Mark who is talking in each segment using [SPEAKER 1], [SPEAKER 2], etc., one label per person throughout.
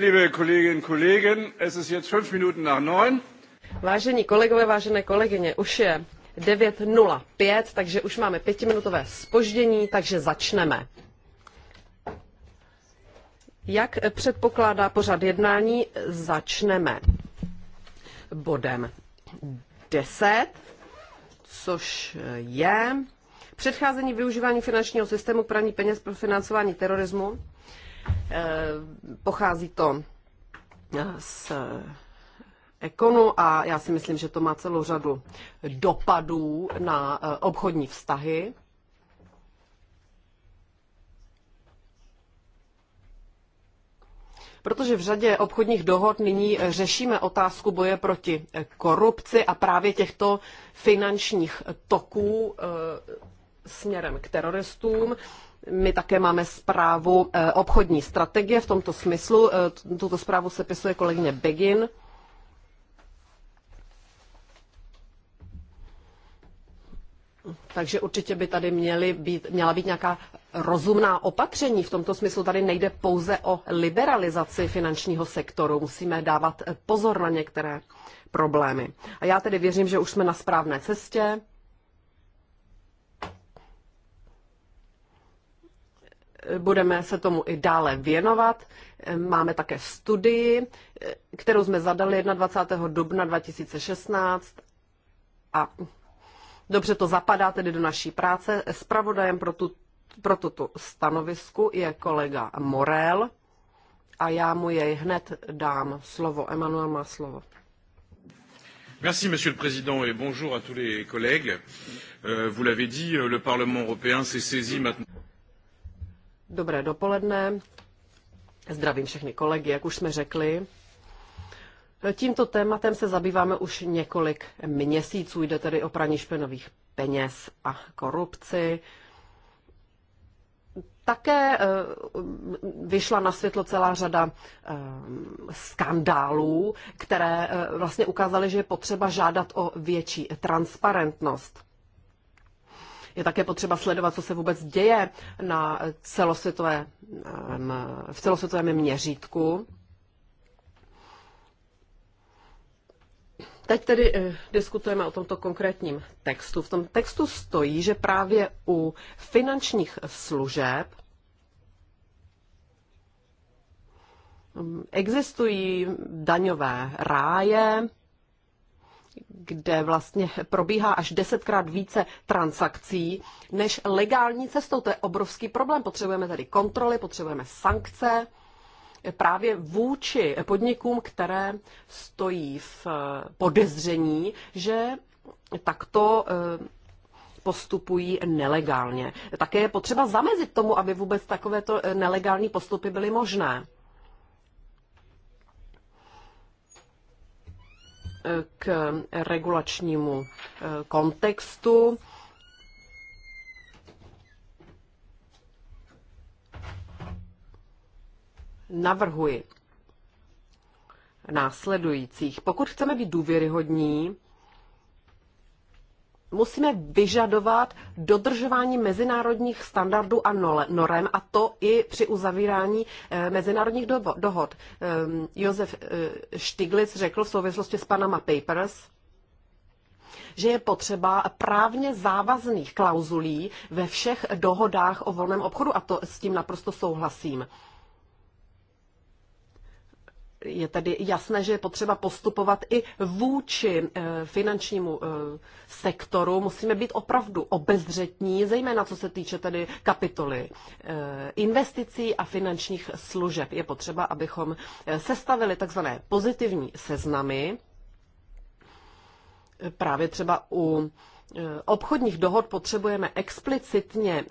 [SPEAKER 1] liebe Kolleginnen Kollegen, es ist jetzt fünf Minuten nach neun.
[SPEAKER 2] Vážení kolegové, vážené kolegyně, už je 9.05, takže už máme pětiminutové spoždění, takže začneme. Jak předpokládá pořad jednání, začneme bodem deset, což je předcházení využívání finančního systému praní peněz pro financování terorismu Eh, pochází to eh, z ekonu a já si myslím, že to má celou řadu dopadů na eh, obchodní vztahy. Protože v řadě obchodních dohod nyní řešíme otázku boje proti korupci a právě těchto finančních toků směrem k teroristům. My také máme zprávu eh, obchodní strategie v tomto smyslu. Eh, tuto zprávu se pisuje kolegyně Begin. Takže určitě by tady měly být, měla být nějaká rozumná opatření. V tomto smyslu tady nejde pouze o liberalizaci finančního sektoru. Musíme dávat eh, pozor na některé problémy. A já tedy věřím, že už jsme na správné cestě. budeme se tomu i dále věnovat. Máme také studii, kterou jsme zadali 21. dubna 2016 a dobře to zapadá tedy do naší práce. Spravodajem pro, tu, pro tuto stanovisku je kolega Morel a já mu jej hned dám slovo. Emanuel má slovo.
[SPEAKER 3] Merci, Monsieur le Président, et bonjour à tous les collègues. Euh, vous l'avez dit, le Parlement européen s'est saisi maintenant.
[SPEAKER 2] Dobré dopoledne. Zdravím všechny kolegy, jak už jsme řekli. Tímto tématem se zabýváme už několik měsíců. Jde tedy o praní špenových peněz a korupci. Také eh, vyšla na světlo celá řada eh, skandálů, které eh, vlastně ukázaly, že je potřeba žádat o větší transparentnost. Je také potřeba sledovat, co se vůbec děje na celosvětové, v celosvětovém měřítku. Teď tedy eh, diskutujeme o tomto konkrétním textu. V tom textu stojí, že právě u finančních služeb existují daňové ráje, kde vlastně probíhá až desetkrát více transakcí než legální cestou. To je obrovský problém. Potřebujeme tady kontroly, potřebujeme sankce právě vůči podnikům, které stojí v podezření, že takto eh, postupují nelegálně. Také je potřeba zamezit tomu, aby vůbec takovéto eh, nelegální postupy byly možné. k regulačnímu eh, kontextu. Navrhuji následujících. Pokud chceme být důvěryhodní, musíme vyžadovat dodržování mezinárodních standardů a norem, a to i při uzavírání eh, mezinárodních dohod. Ehm, Josef eh, Stiglitz řekl v souvislosti s Panama Papers, že je potřeba právně závazných klauzulí ve všech dohodách o volném obchodu a to s tím naprosto souhlasím je tedy jasné, že je potřeba postupovat i vůči eh, finančnímu eh, sektoru. Musíme být opravdu obezřetní, zejména co se týče tedy kapitoly eh, investicí a finančních služeb. Je potřeba, abychom sestavili takzvané pozitivní seznamy, právě třeba u obchodních dohod potřebujeme explicitně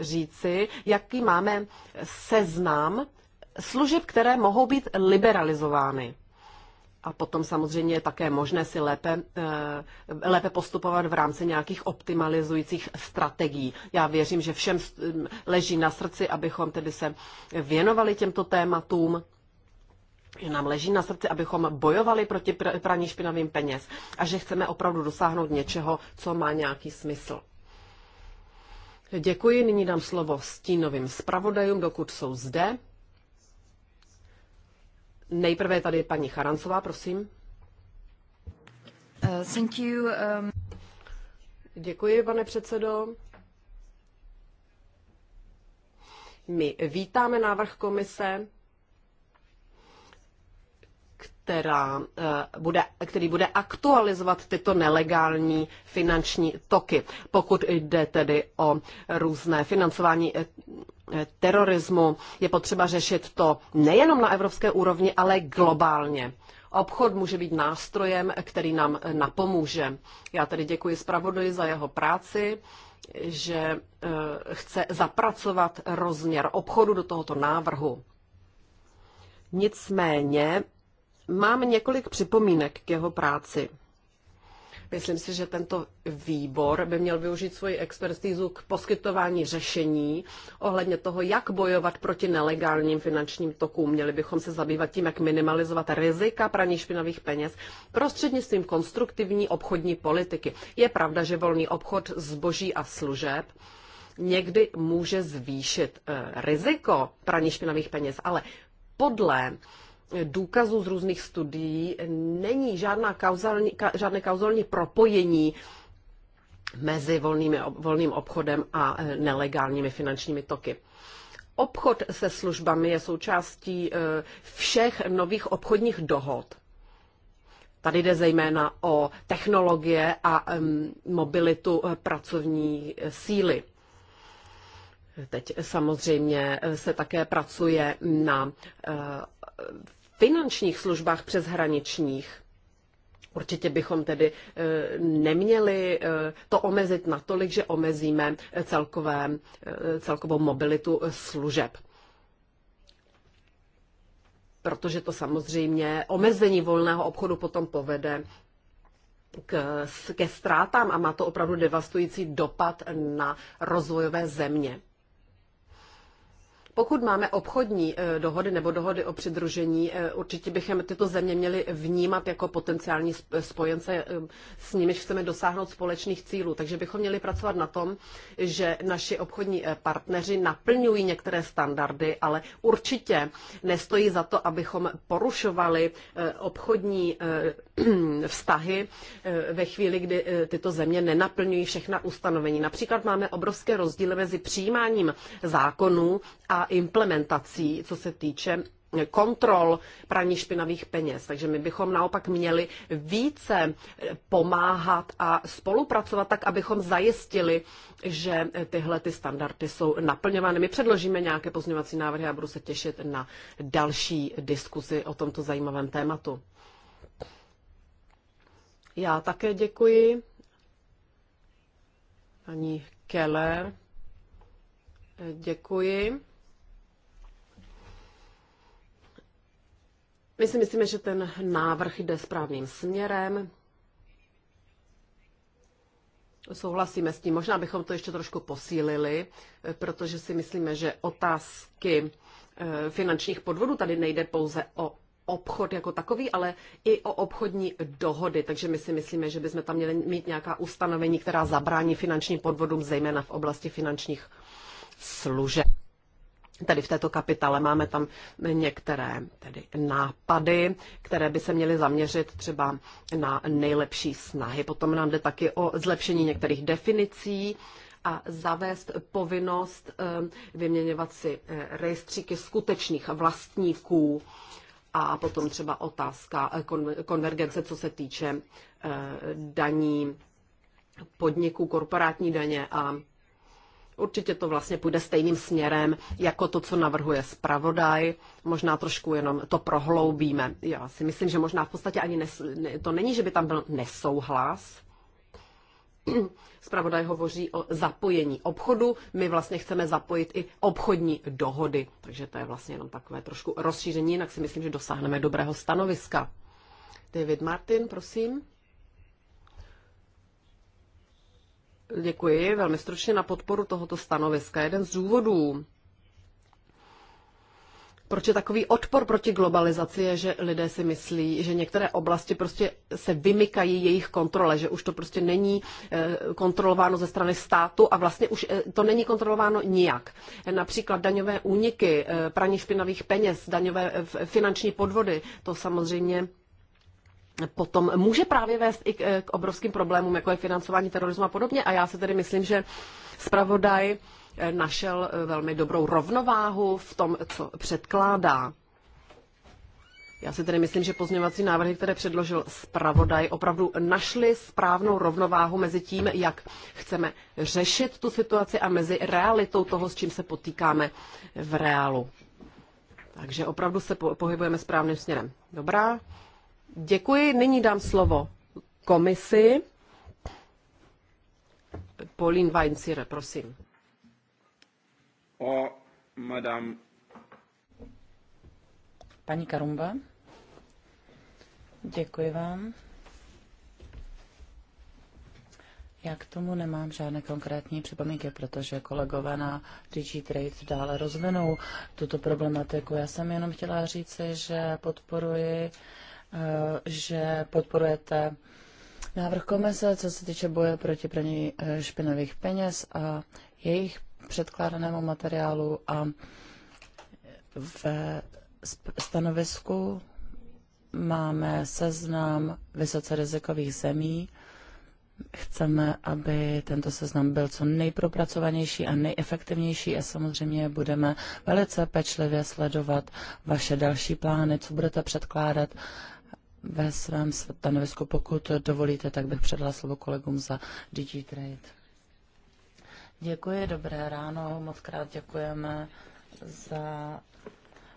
[SPEAKER 2] říci, jaký máme seznam služeb, které mohou být liberalizovány. A potom samozřejmě je také možné si lépe, eh, lépe postupovat v rámci nějakých optimalizujících strategií. Já věřím, že všem leží na srdci, abychom tedy se věnovali těmto tématům že nám leží na srdci, abychom bojovali proti praní špinavým peněz a že chceme opravdu dosáhnout něčeho, co má nějaký smysl. Děkuji, nyní dám slovo stínovým zpravodajům, dokud jsou zde. Nejprve tady paní Charancová, prosím. Uh, thank you, um... Děkuji, pane předsedo. My vítáme návrh komise, která, uh, bude, který bude aktualizovat tyto nelegální finanční toky, pokud jde tedy o různé financování eh, Eh, terorismu. Je potřeba řešit to nejenom na evropské úrovni, ale globálně. Obchod může být nástrojem, který nám eh, napomůže. Já tedy děkuji zpravodaji za jeho práci, že eh, chce zapracovat rozměr obchodu do tohoto návrhu. Nicméně mám několik připomínek k jeho práci. Myslím si, že tento výbor by měl využít svoji expertízu k poskytování řešení ohledně toho, jak bojovat proti nelegálním finančním tokům. Měli bychom se zabývat tím, jak minimalizovat rizika praní špinavých peněz prostřednictvím konstruktivní obchodní politiky. Je pravda, že volný obchod zboží a služeb někdy může zvýšit eh, riziko praní špinavých peněz, ale podle důkazů z různých studií není žádná kauzální, ka, žádné kauzální propojení mezi volnými, volným obchodem a e, nelegálními finančními toky. Obchod se službami je součástí e, všech nových obchodních dohod. Tady jde zejména o technologie a mobilitu e, pracovní síly. Teď samozřejmě se také pracuje na finančních službách přeshraničních. Určitě bychom tedy eh, neměli eh, to omezit natolik, že omezíme eh, celkové, celkovou mobilitu služeb. Protože to samozřejmě omezení volného obchodu potom povede k, ke ztrátám a má to opravdu devastující dopad na rozvojové země. Pokud máme obchodní eh, dohody nebo dohody o přidružení, eh, určitě bychom tyto země měli vnímat jako potenciální spojence, eh, s nimiž chceme dosáhnout společných cílů. Takže bychom měli pracovat na tom, že naši obchodní partneři naplňují některé standardy, ale určitě nestojí za to, abychom porušovali obchodní vztahy eh, ve chvíli, kdy eh, tyto země nenaplňují všechna ustanovení. Například máme obrovské rozdíly mezi přijímáním zákonů a implementací, co se týče eh, kontrol praní špinavých peněz. Takže my bychom naopak měli více pomáhat a spolupracovat tak, abychom zajistili, že tyhle ty standardy jsou naplňovány. My předložíme nějaké pozměňovací návrhy a budu se těšit na další diskuzi o tomto zajímavém tématu. Já také děkuji. Paní Keller, děkuji. My si myslíme, že ten návrh jde správným směrem. Souhlasíme s tím. Možná bychom to ještě trošku posílili, protože si myslíme, že otázky eh, finančních podvodů tady nejde pouze o obchod jako takový, ale i o obchodní dohody. Takže my si myslíme, že bychom tam měli mít nějaká ustanovení, která zabrání finančním podvodům, zejména v oblasti finančních služeb. Tady v této kapitale máme tam některé tedy nápady, které by se měly zaměřit třeba na nejlepší snahy. Potom nám jde taky o zlepšení některých definicí a zavést povinnost eh, vyměňovat si eh, rejstříky skutečných vlastníků a potom třeba otázka eh, konvergence, co se týče eh, daní podniků, korporátní daně a určitě to vlastně půjde stejným směrem, jako to, co navrhuje zpravodaj. Možná trošku jenom to prohloubíme. Já si myslím, že možná v podstatě ani nes, to není, že by tam byl nesouhlas, Spravodaj hovoří o zapojení obchodu. My vlastně chceme zapojit i obchodní dohody. Takže to je vlastně jenom takové trošku rozšíření, jinak si myslím, že dosáhneme dobrého stanoviska. David Martin, prosím. Děkuji velmi stručně na podporu tohoto stanoviska. Jeden z důvodů, proč je takový odpor proti globalizaci, je, že lidé si myslí, že některé oblasti prostě se vymykají jejich kontrole, že už to prostě není eh, kontrolováno ze strany státu a vlastně už eh, to není kontrolováno nijak. Například daňové úniky, eh, praní špinavých peněz, daňové finanční podvody, to samozřejmě potom může právě vést i k obrovským problémům, jako je financování terorismu a podobně. A já si tedy myslím, že zpravodaj našel eh, velmi dobrou rovnováhu v tom, co předkládá. Já si tedy myslím, že pozměňovací návrhy, které předložil zpravodaj, opravdu našly správnou rovnováhu mezi tím, jak chceme řešit tu situaci a mezi realitou toho, s čím se potýkáme v reálu. Takže opravdu se pohybujeme správným směrem. Dobrá. Děkuji. Nyní dám slovo komisi. Pauline Weinsire, prosím
[SPEAKER 3] or Madame
[SPEAKER 2] Paní Karumba,
[SPEAKER 3] děkuji vám. Já k tomu nemám žádné konkrétní připomínky, protože kolegové na DigiTrade dále rozvinou tuto problematiku. Já jsem jenom chtěla říci, že podporuji, eh, že podporujete návrh komise, co se týče boje proti praní eh, špinavých peněz a jejich předkládanému materiálu a ve stanovisku máme seznam vysoce rizikových zemí. Chceme, aby tento seznam byl co nejpropracovanější a nejefektivnější a samozřejmě budeme velice pečlivě sledovat vaše další plány, co budete předkládat ve svém stanovisku. Pokud dovolíte, tak bych předala slovo kolegům za DG Trade. Děkuji, dobré ráno, moc krát děkujeme za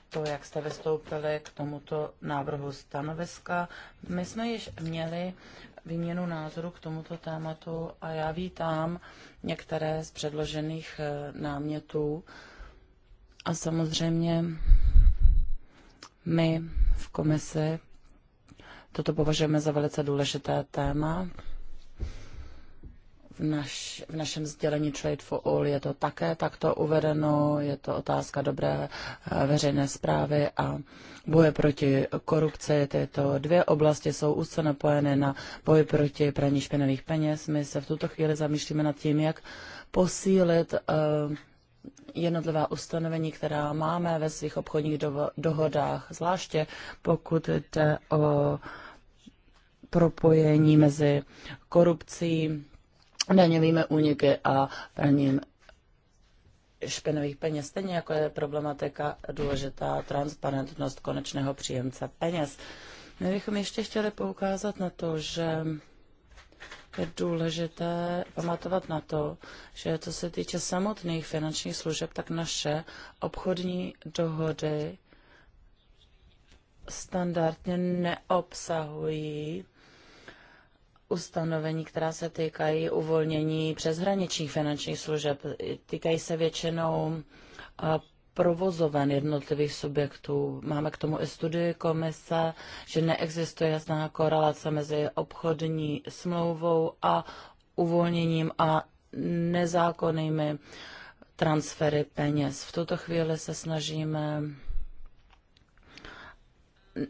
[SPEAKER 3] to, jak jste vystoupili k tomuto návrhu stanoviska. My jsme již měli výměnu názoru k tomuto tématu a já vítám některé z předložených eh, námětů. A samozřejmě my v komisi toto považujeme za velice důležité téma, v, naš, v našem sdělení Trade for All je to také takto uvedeno, je to otázka dobré eh, veřejné zprávy a boje proti korupci. Tyto dvě oblasti jsou úzce napojené na boj proti praní špinavých peněz. My se v tuto chvíli zamýšlíme nad tím, jak posílit eh, jednotlivá ustanovení, která máme ve svých obchodních dohodách, zvláště pokud jde o propojení mezi korupcí, daňovými úniky a praním špinových peněz, stejně jako je problematika důležitá transparentnost konečného příjemce peněz. My bychom ještě chtěli poukázat na to, že je důležité pamatovat na to, že co se týče samotných finančních služeb, tak naše obchodní dohody standardně neobsahují ustanovení, která se týkají uvolnění přeshraničních finančních služeb. Týkají se většinou provozoven jednotlivých subjektů. Máme k tomu i studii komise, že neexistuje jasná korelace mezi obchodní smlouvou a uvolněním a nezákonnými transfery peněz. V tuto chvíli se snažíme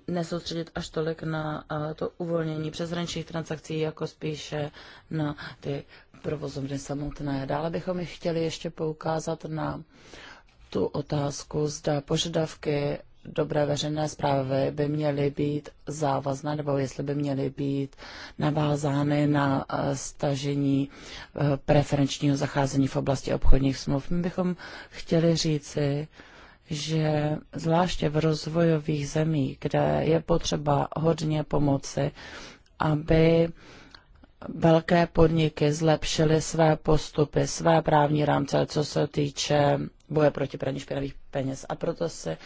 [SPEAKER 3] nesoustředit až tolik na eh, to uvolnění přeshraničních transakcí, jako spíše na ty provozovny samotné. Dále bychom chtěli ještě poukázat na tu otázku, zda požadavky dobré veřejné zprávy by měly být závazné, nebo jestli by měly být navázány na eh, stažení eh, preferenčního zacházení v oblasti obchodních smluv. My bychom chtěli říci, že zvláště v rozvojových zemích, kde je potřeba hodně pomoci, aby velké podniky zlepšily své postupy, své právní rámce, co se týče boje proti praní špinavých peněz. A proto si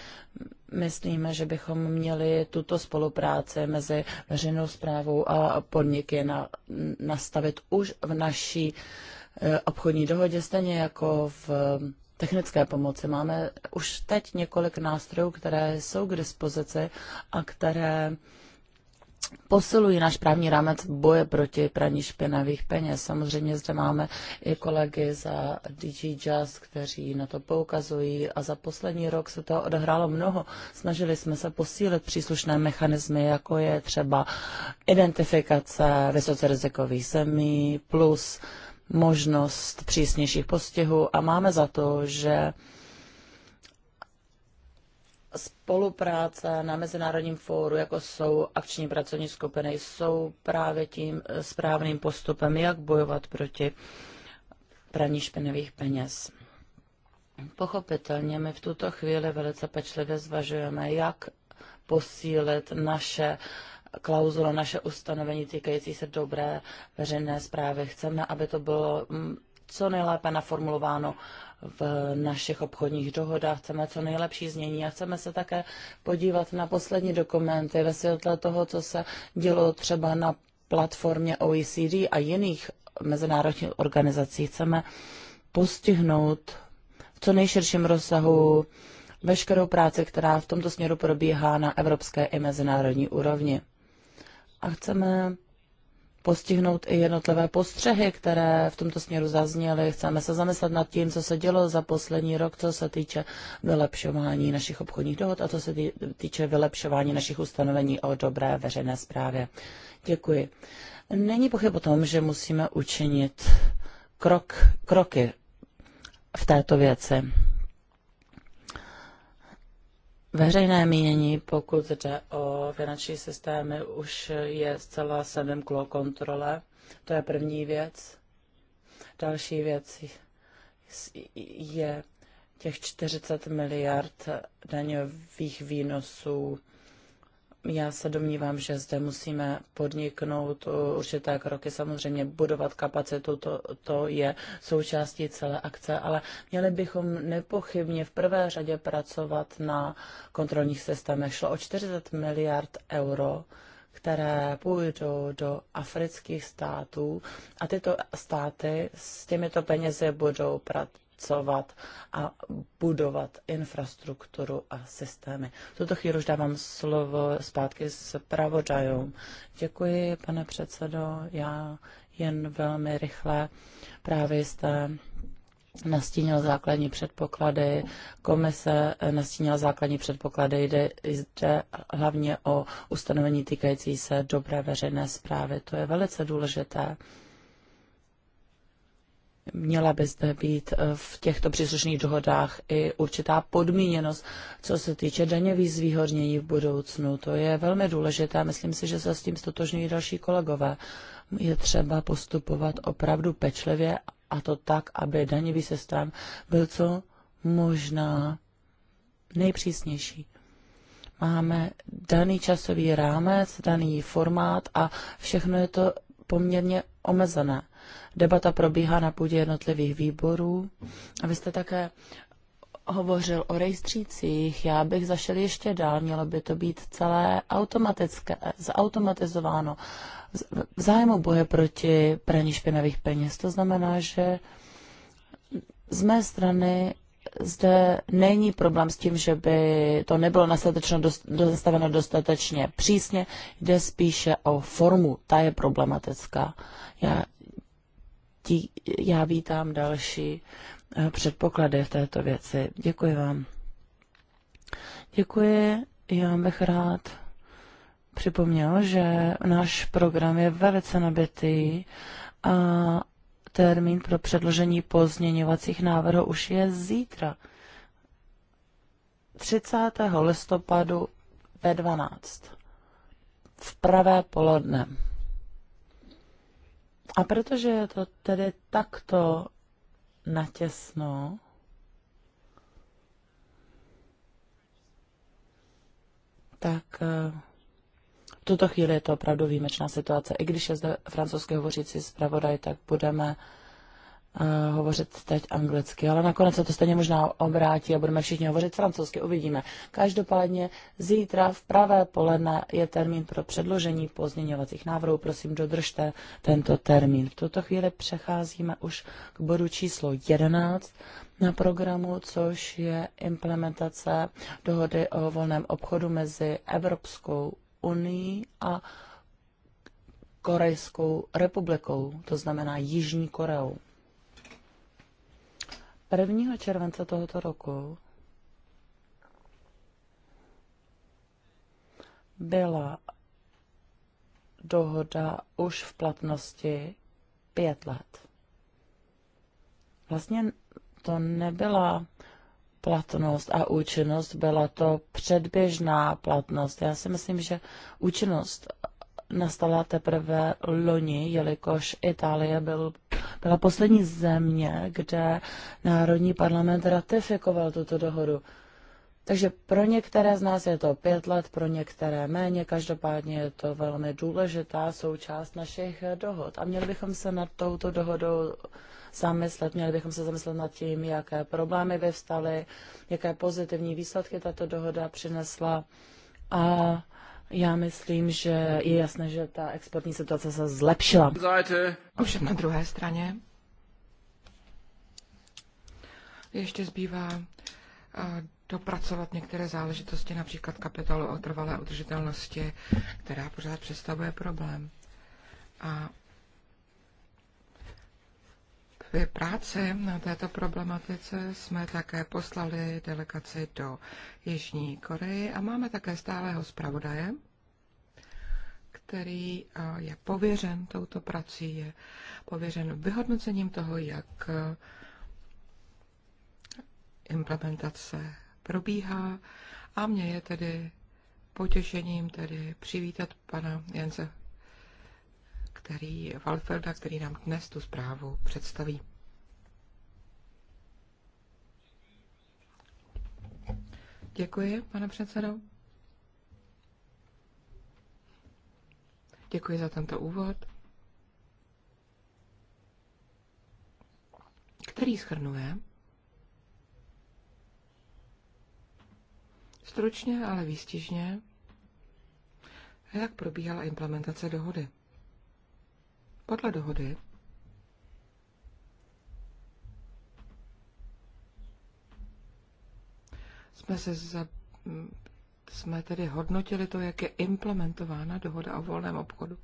[SPEAKER 3] myslíme, že bychom měli tuto spolupráci mezi veřejnou zprávou a podniky na, nastavit už v naší eh, obchodní dohodě, stejně jako v technické pomoci. Máme už teď několik nástrojů, které jsou k dispozici a které posilují náš právní rámec boje proti praní špinavých peněz. Samozřejmě zde máme i kolegy za DG Just, kteří na to poukazují a za poslední rok se to odehrálo mnoho. Snažili jsme se posílit příslušné mechanismy, jako je třeba identifikace vysoce rizikových zemí plus možnost přísnějších postihů a máme za to, že spolupráce na Mezinárodním fóru, jako jsou akční pracovní skupiny, jsou právě tím správným postupem, jak bojovat proti praní špinavých peněz. Pochopitelně my v tuto chvíli velice pečlivě zvažujeme, jak posílit naše klauzulu, naše ustanovení týkající se dobré veřejné zprávy. Chceme, aby to bylo mm, co nejlépe naformulováno v našich obchodních dohodách, chceme co nejlepší znění a chceme se také podívat na poslední dokumenty ve světle toho, co se dělo třeba na platformě OECD a jiných mezinárodních organizací. Chceme postihnout v co nejširším rozsahu veškerou práci, která v tomto směru probíhá na evropské i mezinárodní úrovni a chceme postihnout i jednotlivé postřehy, které v tomto směru zazněly. Chceme se zamyslet nad tím, co se dělo za poslední rok, co se týče vylepšování našich obchodních dohod a co se týče vylepšování našich ustanovení o dobré veřejné zprávě. Děkuji. Není pochyb o tom, že musíme učinit krok, kroky v této věci. Veřejné mínění, pokud jde o finanční systémy, už je zcela se klo kontrole. To je první věc. Další věc je těch 40 miliard daňových výnosů já se domnívám, že zde musíme podniknout určité kroky. Samozřejmě budovat kapacitu, to, to je součástí celé akce, ale měli bychom nepochybně v prvé řadě pracovat na kontrolních systémech. Šlo o 40 miliard euro které půjdou do afrických států a tyto státy s těmito penězi budou pracovat a budovat infrastrukturu a systémy. V tuto chvíli už dávám slovo zpátky s pravodajům. Děkuji, pane předsedo. Já jen velmi rychle. Právě jste nastínil základní předpoklady, komise nastínila základní předpoklady, jde, jde hlavně o ustanovení týkající se dobré veřejné zprávy. To je velice důležité. Měla by zde být eh, v těchto příslušných dohodách i určitá podmíněnost, co se týče daňových zvýhodnění v budoucnu. To je velmi důležité. A Myslím si, že se s tím stotožňují další kolegové. Je třeba postupovat opravdu pečlivě a to tak, aby daňový systém byl co možná nejpřísnější. Máme daný časový rámec, daný formát a všechno je to poměrně omezené. Debata probíhá na půdě jednotlivých výborů. A vy jste také hovořil o rejstřících, já bych zašel ještě dál, mělo by to být celé automatické, zautomatizováno v zájmu boje proti praní špinavých peněz. To znamená, že z mé strany zde není problém s tím, že by to nebylo nastaveno, dost, dostatečně přísně, jde spíše o formu, ta je problematická. Já tí, já vítám další eh, předpoklady v této věci. Děkuji vám. Děkuji, já bych rád připomněl, že náš program je velice nabitý a termín pro předložení pozměňovacích návrhů už je zítra. 30. listopadu ve 12. V pravé poledne. A protože je to tedy takto natěsno, tak eh, v tuto chvíli je to opravdu výjimečná situace. I když je zde francouzsky hovořící zpravodaj, tak budeme Eh, hovořit teď anglicky, ale nakonec se to stejně možná obrátí a budeme všichni hovořit francouzsky, uvidíme. Každopádně zítra v pravé poledne je termín pro předložení pozměňovacích návrhů. Prosím, dodržte tento termín. V tuto chvíli přecházíme už k bodu číslo 11 na programu, což je implementace dohody o volném obchodu mezi Evropskou unii a Korejskou republikou, to znamená Jižní Koreou. 1. července tohoto roku byla dohoda už v platnosti pět let. Vlastně to nebyla platnost a účinnost, byla to předběžná platnost. Já si myslím, že účinnost nastala teprve loni, jelikož Itálie byl, byla poslední země, kde Národní parlament ratifikoval tuto dohodu. Takže pro některé z nás je to pět let, pro některé méně, každopádně je to velmi důležitá součást našich dohod. A měli bychom se nad touto dohodou zamyslet, měli bychom se zamyslet nad tím, jaké problémy vyvstaly, jaké pozitivní výsledky tato dohoda přinesla a já myslím, že je jasné, že ta exportní situace se zlepšila. Ovšem na druhé straně
[SPEAKER 4] ještě zbývá dopracovat některé záležitosti, například kapitolu o trvalé udržitelnosti, která pořád představuje problém. A vy práci na této problematice. Jsme také poslali delegaci do Jižní Koreje a máme také stálého zpravodaje, který je pověřen touto prací, je pověřen vyhodnocením toho, jak implementace probíhá. A mě je tedy potěšením tedy přivítat pana Jence který, Valferda, který nám dnes tu zprávu představí. Děkuji, pane předsedo. Děkuji za tento úvod, který schrnuje stručně, ale výstižně, jak probíhala implementace dohody. Podle dohody jsme se za, jsme tedy hodnotili to, jak je implementována dohoda o volném obchodu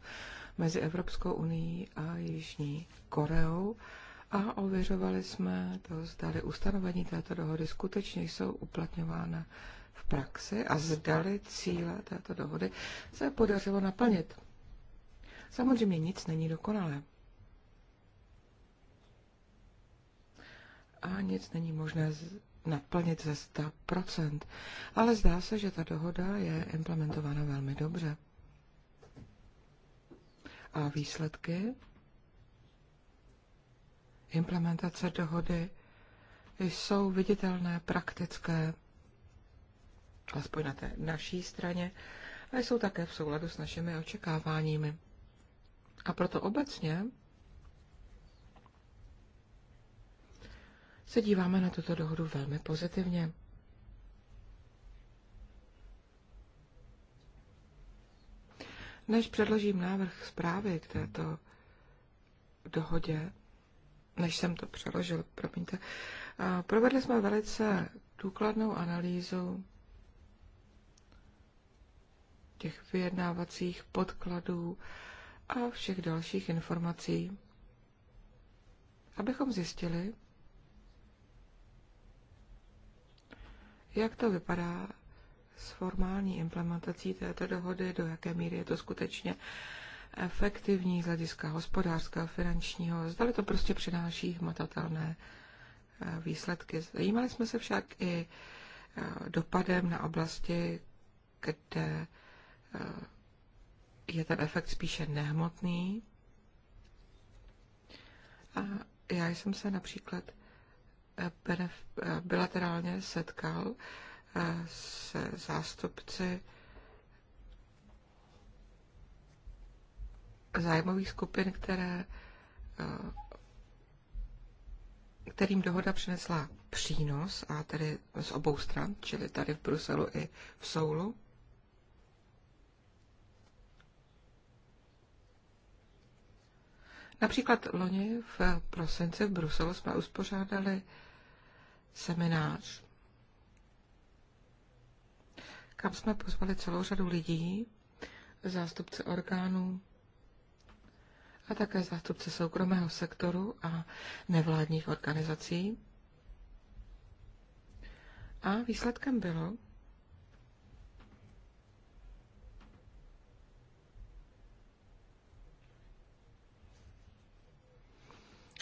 [SPEAKER 4] mezi Evropskou unii a Jižní Koreou a ověřovali jsme to, zdali ustanovení této dohody skutečně jsou uplatňována v praxi a zdali cíle této dohody se podařilo naplnit. Samozřejmě nic není dokonalé. A nic není možné naplnit ze 100%, ale zdá se, že ta dohoda je implementována velmi dobře. A výsledky implementace dohody jsou viditelné, praktické, aspoň na té naší straně, a jsou také v souladu s našimi očekáváními. A proto obecně se díváme na tuto dohodu velmi pozitivně. Než předložím návrh zprávy k této dohodě, než jsem to přeložil, promiňte, provedli jsme velice důkladnou analýzu těch vyjednávacích podkladů a všech dalších informací, abychom zjistili, jak to vypadá s formální implementací této dohody, do jaké míry je to skutečně efektivní z hlediska hospodářského, finančního, zdali to prostě přináší hmatatelné eh, výsledky. Zajímali jsme se však i eh, dopadem na oblasti, kde eh, je ten efekt spíše nehmotný. A já jsem se například eh, eh, bilaterálně setkal eh, se zástupci zájmových skupin, které, kterým dohoda přinesla přínos, a tedy z obou stran, čili tady v Bruselu i v Soulu. Například loni v prosince v Bruselu jsme uspořádali seminář, kam jsme pozvali celou řadu lidí, zástupce orgánů a také zástupce soukromého sektoru a nevládních organizací. A výsledkem bylo,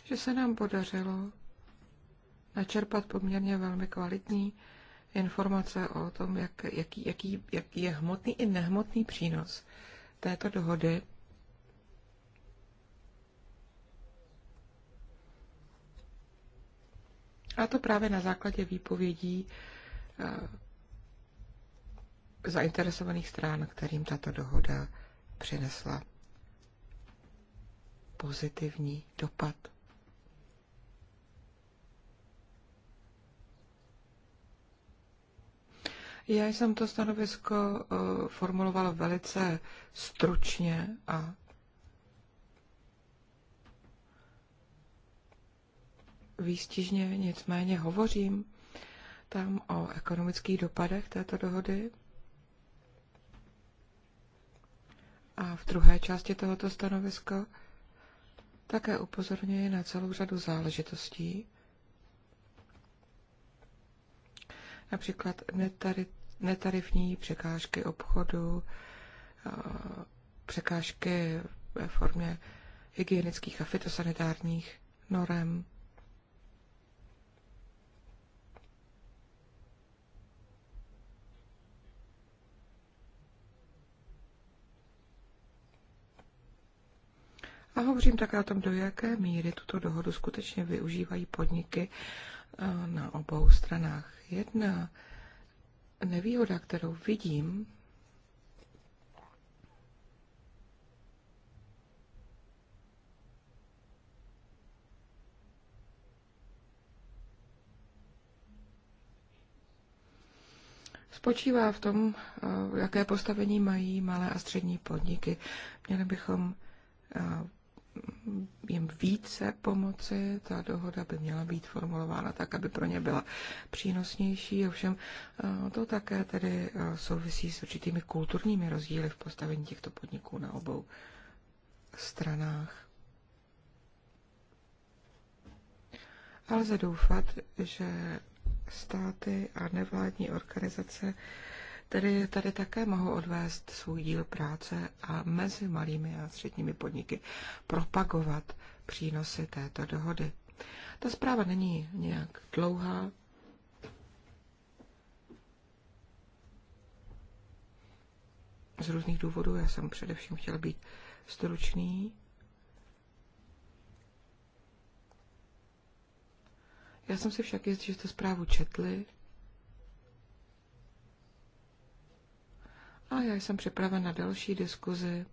[SPEAKER 4] že se nám podařilo načerpat poměrně velmi kvalitní informace o tom, jak, jaký, jaký, jaký je hmotný i nehmotný přínos této dohody. A to právě na základě výpovědí eh, zainteresovaných stran, kterým tato dohoda přinesla pozitivní dopad. Já jsem to stanovisko eh, formulovala velice stručně a výstižně, nicméně hovořím tam o ekonomických dopadech této dohody. A v druhé části tohoto stanoviska také upozorňuji na celou řadu záležitostí, například netarifní překážky obchodu, překážky ve formě hygienických a fitosanitárních norem. A hovořím také o tom, do jaké míry tuto dohodu skutečně využívají podniky na obou stranách. Jedna nevýhoda, kterou vidím, spočívá v tom, eh, jaké postavení mají malé a střední podniky. Měli bychom eh, jim více pomoci. Ta dohoda by měla být formulována tak, aby pro ně byla přínosnější. Ovšem eh, to také tedy eh, souvisí s určitými kulturními rozdíly v postavení těchto podniků na obou stranách. Ale lze doufat, že státy a nevládní organizace tedy tady také mohou odvést svůj díl práce a mezi malými a středními podniky propagovat přínosy této dohody. Ta zpráva není nějak dlouhá. Z různých důvodů já jsem především chtěl být stručný. Já jsem si však jist, že jste zprávu četli. A já jsem připraven na další diskuzi.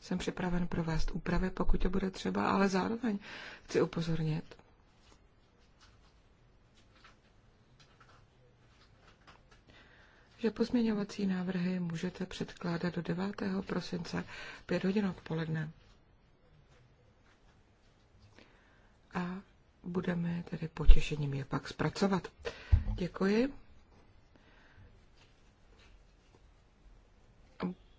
[SPEAKER 4] Jsem připraven provést úpravy, pokud to bude třeba, ale zároveň chci upozornit, že pozměňovací návrhy můžete předkládat do 9. prosince 5 hodin odpoledne. A budeme tedy potěšením je pak zpracovat. Děkuji.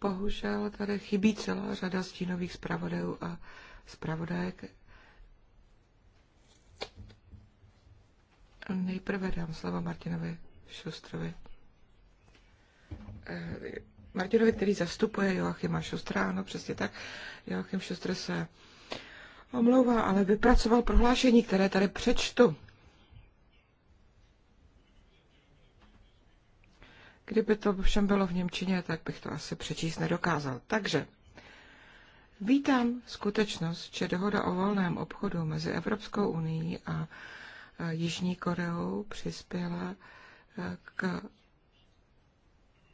[SPEAKER 4] Bohužel tady chybí celá řada stínových zpravodajů a zpravodajek. Nejprve dám slovo Martinovi Šustrovi. Eh, Martinovi, který zastupuje Joachima Šustra, ano, přesně tak. Joachim Šustr se omlouvá, ale vypracoval prohlášení, které tady přečtu. Kdyby to všem bylo v Němčině, tak bych to asi přečíst nedokázal. Takže vítám skutečnost, že dohoda o volném obchodu mezi Evropskou unii a e, Jižní Koreou přispěla e, k,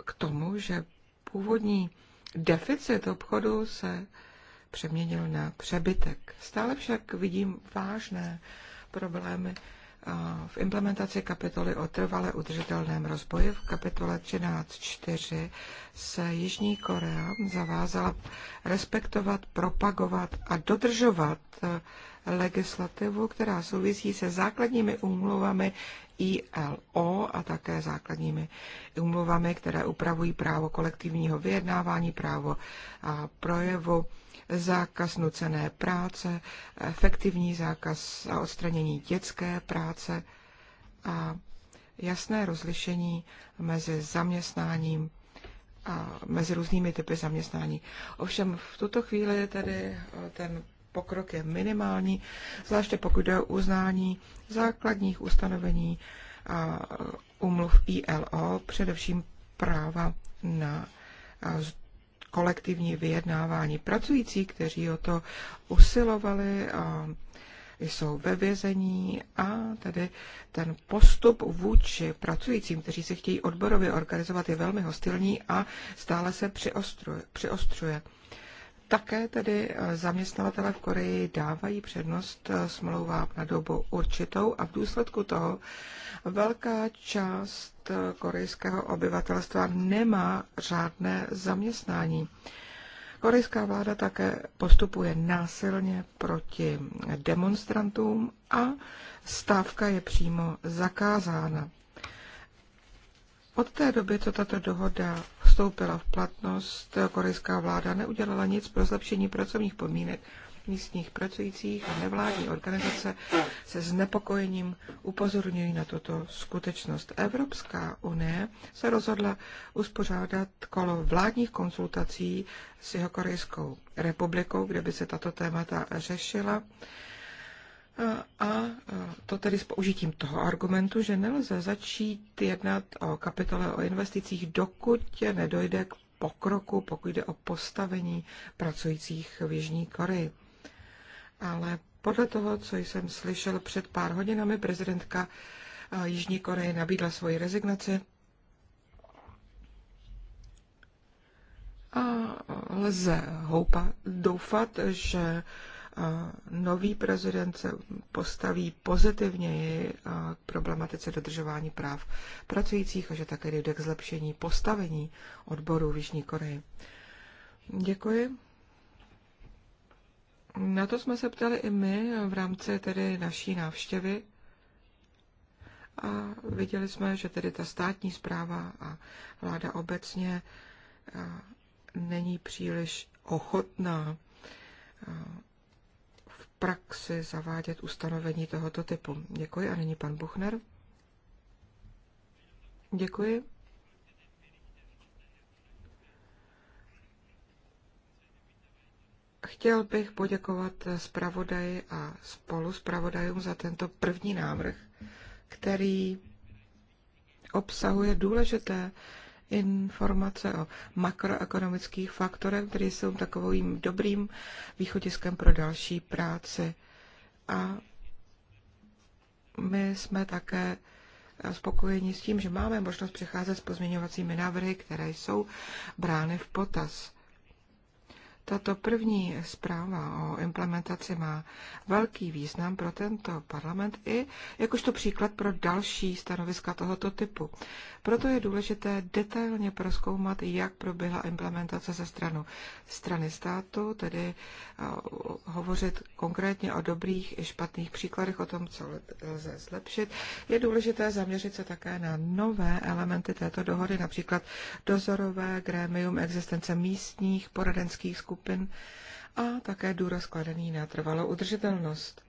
[SPEAKER 4] k tomu, že původní deficit obchodu se přeměnil na přebytek. Stále však vidím vážné problémy v implementaci kapitoly o trvale udržitelném rozboji v kapitole 13.4 se Jižní Korea zavázala respektovat, propagovat a dodržovat e, legislativu, která souvisí se základními úmluvami ILO a také základními úmluvami, které upravují právo kolektivního vyjednávání, právo projevu zákaz nucené práce, efektivní zákaz a odstranění dětské práce a jasné rozlišení mezi zaměstnáním a mezi různými typy zaměstnání. Ovšem v tuto chvíli tedy eh, ten pokrok je minimální, zvláště pokud jde o uznání základních ustanovení a umluv eh, ILO, především práva na eh, kolektivní vyjednávání. Pracující, kteří o to usilovali, jsou ve vězení a tedy ten postup vůči pracujícím, kteří se chtějí odborově organizovat, je velmi hostilní a stále se přiostruje. přiostřuje. Také tedy eh, zaměstnavatele v Koreji dávají přednost eh, smlouvám na dobu určitou a v důsledku toho velká část eh, korejského obyvatelstva nemá řádné zaměstnání. Korejská vláda také postupuje násilně proti demonstrantům a stávka je přímo zakázána. Od té doby, co tato dohoda vstoupila v platnost, eh, korejská vláda neudělala nic pro zlepšení pracovních podmínek místních pracujících a nevládní organizace se znepokojením upozorňují na tuto skutečnost. Evropská unie se rozhodla uspořádat kolo vládních konzultací s korejskou republikou, kde by se tato témata řešila. A to tedy s použitím toho argumentu, že nelze začít jednat o kapitole o investicích, dokud nedojde k pokroku, pokud jde o postavení pracujících v Jižní Koreji. Ale podle toho, co jsem slyšel před pár hodinami, prezidentka eh, Jižní Koreje nabídla svoji rezignaci. A lze houpa doufat, že nový prezident se postaví pozitivněji k problematice dodržování práv pracujících a že také dojde k zlepšení postavení odborů v Jižní Koreji. Děkuji. Na to jsme se ptali i my v rámci tedy naší návštěvy a viděli jsme, že tedy ta státní zpráva a vláda obecně není příliš ochotná praxi zavádět ustanovení tohoto typu. Děkuji a nyní pan Buchner. Děkuji. Chtěl bych poděkovat zpravodaji a spolu zpravodajům za tento první návrh, který obsahuje důležité informace o makroekonomických faktorech, které jsou takovým dobrým východiskem pro další práci. A my jsme také spokojeni s tím, že máme možnost přecházet s pozměňovacími návrhy, které jsou brány v potaz. Tato první zpráva o implementaci má velký význam pro tento parlament i jakožto příklad pro další stanoviska tohoto typu. Proto je důležité detailně proskoumat, jak proběhla implementace ze stranu strany státu, tedy eh, hovořit konkrétně o dobrých i špatných příkladech, o tom, co lze zlepšit. Je důležité zaměřit se také na nové elementy této dohody, například dozorové grémium, existence místních poradenských skupin, skupin a také důraz kladený na trvalou udržitelnost.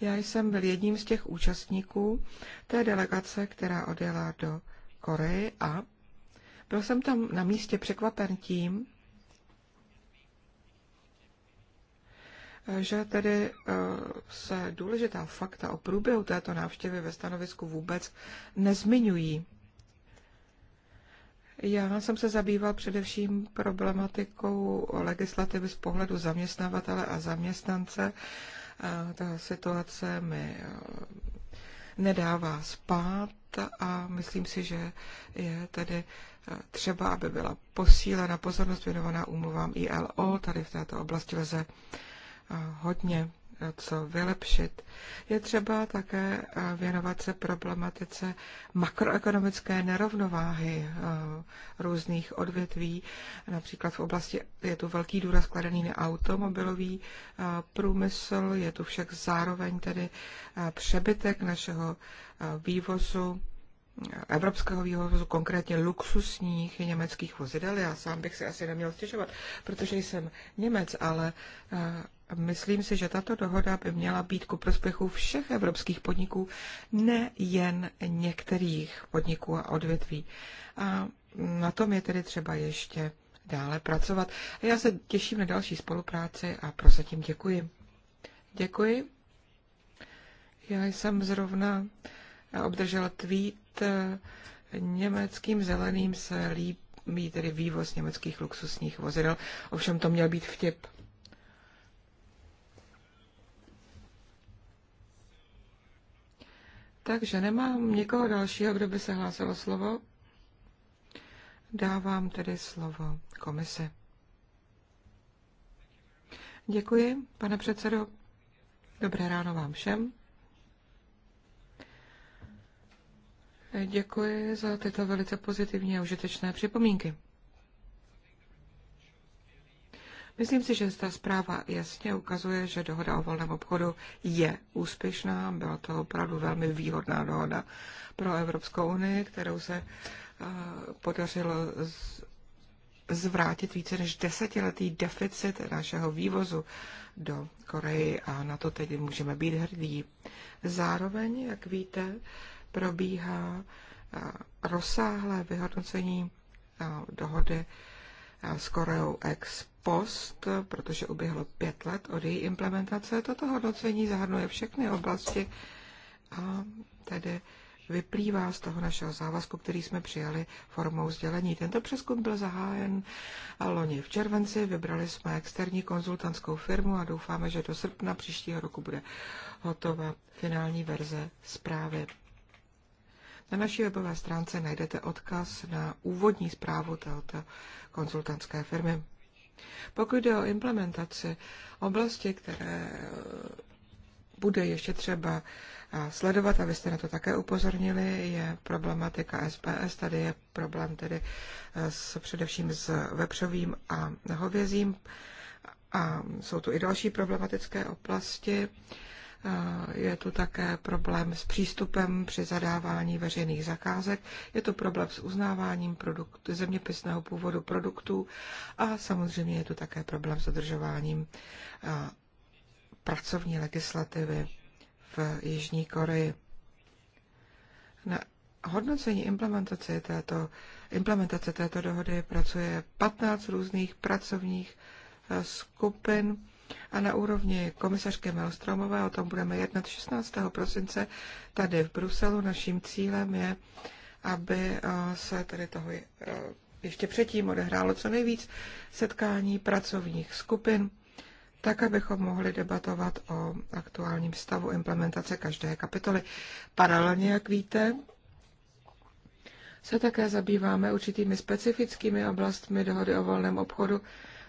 [SPEAKER 4] Já jsem byl jedním z těch účastníků té delegace, která odjela do Koreje a byl jsem tam na místě překvapen tím, že tedy eh, se důležitá fakta o průběhu této návštěvy ve stanovisku vůbec nezmiňují. Já jsem se zabýval především problematikou legislativy z pohledu zaměstnavatele a zaměstnance. ta situace mi eh, nedává spát a myslím si, že je tedy eh, třeba, aby byla posílena pozornost věnovaná úmluvám ILO. Tady v této oblasti lze eh, hodně co vylepšit. Je třeba také eh, věnovat se problematice makroekonomické nerovnováhy eh, různých odvětví. Například v oblasti je tu velký důraz kladený na automobilový eh, průmysl, je tu však zároveň tedy přebytek našeho vývozu evropského vývozu, konkrétně luxusních německých vozidel. Já sám bych se asi neměl stěžovat, protože jsem Němec, ale eh, myslím si, že tato dohoda by měla být ku prospěchu všech evropských podniků, nejen některých podniků a odvětví. A na tom je tedy třeba ještě dále pracovat. já se těším na další spolupráci a prozatím děkuji. Děkuji. Já jsem zrovna obdržel tweet eh, německým zeleným se líbí tedy vývoz německých luxusních vozidel. Ovšem to měl být vtip. Takže nemám nikoho dalšího, kdo by se hlásil o slovo. Dávám tedy slovo komise. Děkuji, pane předsedo. Dobré ráno vám všem. Děkuji za tyto velice pozitivní a užitečné připomínky. Myslím si, že ta zpráva jasně ukazuje, že dohoda o volném obchodu je úspěšná. Byla to opravdu velmi výhodná dohoda pro Evropskou unii, kterou se eh, podařilo zvrátit více než desetiletý deficit našeho vývozu do Koreji a na to teď můžeme být hrdí. Zároveň, jak víte, probíhá eh, rozsáhlé vyhodnocení eh, dohody eh, s Koreou ex post, protože uběhlo pět let od její implementace. Toto hodnocení zahrnuje všechny oblasti a tedy vyplývá z toho našeho závazku, který jsme přijali formou sdělení. Tento přeskum byl zahájen loni v červenci, vybrali jsme externí konzultantskou firmu a doufáme, že do srpna příštího roku bude hotová finální verze zprávy. Na naší webové stránce najdete odkaz na úvodní zprávu této konzultantské firmy. Pokud jde o implementaci oblasti, které eh, bude ještě třeba eh, sledovat, a vy jste na to také upozornili, je problematika SPS. Tady je problém tedy eh, s, především s vepřovým a hovězím. A jsou tu i další problematické oblasti. Eh, je tu také problém s přístupem při zadávání veřejných zakázek, je tu problém s uznáváním produkt, zeměpisného původu produktů a samozřejmě je tu také problém s dodržováním eh, pracovní legislativy v Jižní Koreji. Na hodnocení implementace této, implementace této dohody pracuje 15 různých pracovních eh, skupin a na úrovni komisařky Melstromové o tom budeme jednat 16. prosince tady v Bruselu. Naším cílem je, aby eh, se tady toho eh, ještě předtím odehrálo co nejvíc setkání pracovních skupin, tak abychom mohli debatovat o aktuálním stavu implementace každé kapitoly. Paralelně, jak víte, se také zabýváme určitými specifickými oblastmi dohody o volném obchodu,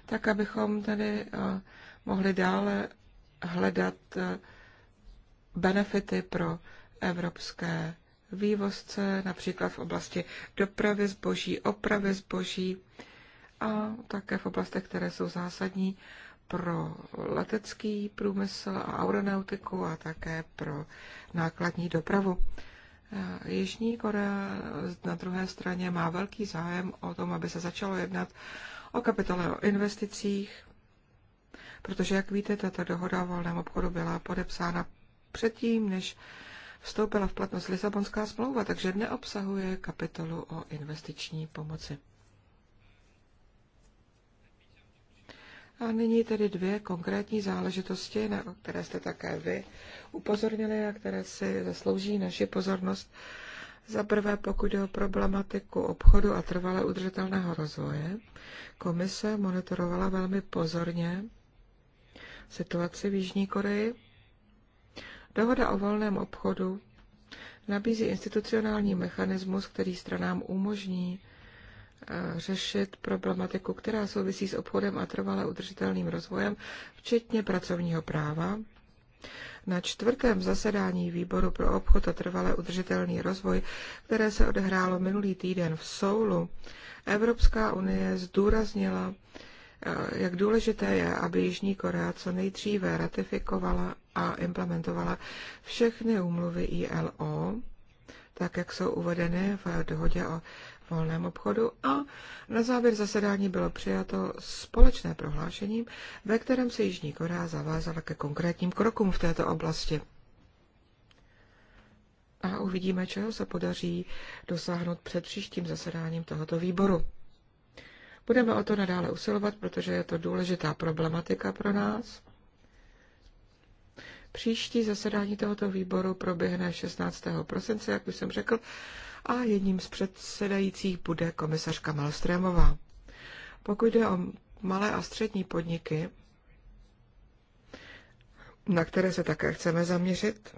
[SPEAKER 4] tak abychom tady eh, mohli dále hledat eh, benefity pro evropské vývozce, například v oblasti dopravy zboží, opravy zboží a také v oblastech, které jsou zásadní pro letecký průmysl a aeronautiku a také pro nákladní dopravu. Eh, Jižní Korea na druhé straně má velký zájem o tom, aby se začalo jednat o kapitole o investicích, protože, jak víte, tato dohoda o volném obchodu byla podepsána předtím, než vstoupila v platnost Lisabonská smlouva, takže neobsahuje kapitolu o investiční pomoci. A nyní tedy dvě konkrétní záležitosti, na které jste také vy upozornili a které si zaslouží naši pozornost. Za prvé, pokud jde o problematiku obchodu a trvale udržitelného rozvoje, komise monitorovala velmi pozorně situaci v Jižní Koreji. Dohoda o volném obchodu nabízí institucionální mechanismus, který stranám umožní eh, řešit problematiku, která souvisí s obchodem a trvale udržitelným rozvojem, včetně pracovního práva. Na čtvrtém zasedání Výboru pro obchod a trvale udržitelný rozvoj, které se odehrálo minulý týden v Soulu, Evropská unie zdůraznila jak důležité je, aby Jižní Korea co nejdříve ratifikovala a implementovala všechny úmluvy ILO, tak jak jsou uvedeny v dohodě o volném obchodu a na závěr zasedání bylo přijato společné prohlášení, ve kterém se Jižní Korea zavázala ke konkrétním krokům v této oblasti. A uvidíme, čeho se podaří dosáhnout před příštím zasedáním tohoto výboru. Budeme o to nadále usilovat, protože je to důležitá problematika pro nás. Příští zasedání tohoto výboru proběhne 16. prosince, jak už jsem řekl, a jedním z předsedajících bude komisařka Malstrémová. Pokud jde o malé a střední podniky, na které se také chceme zaměřit,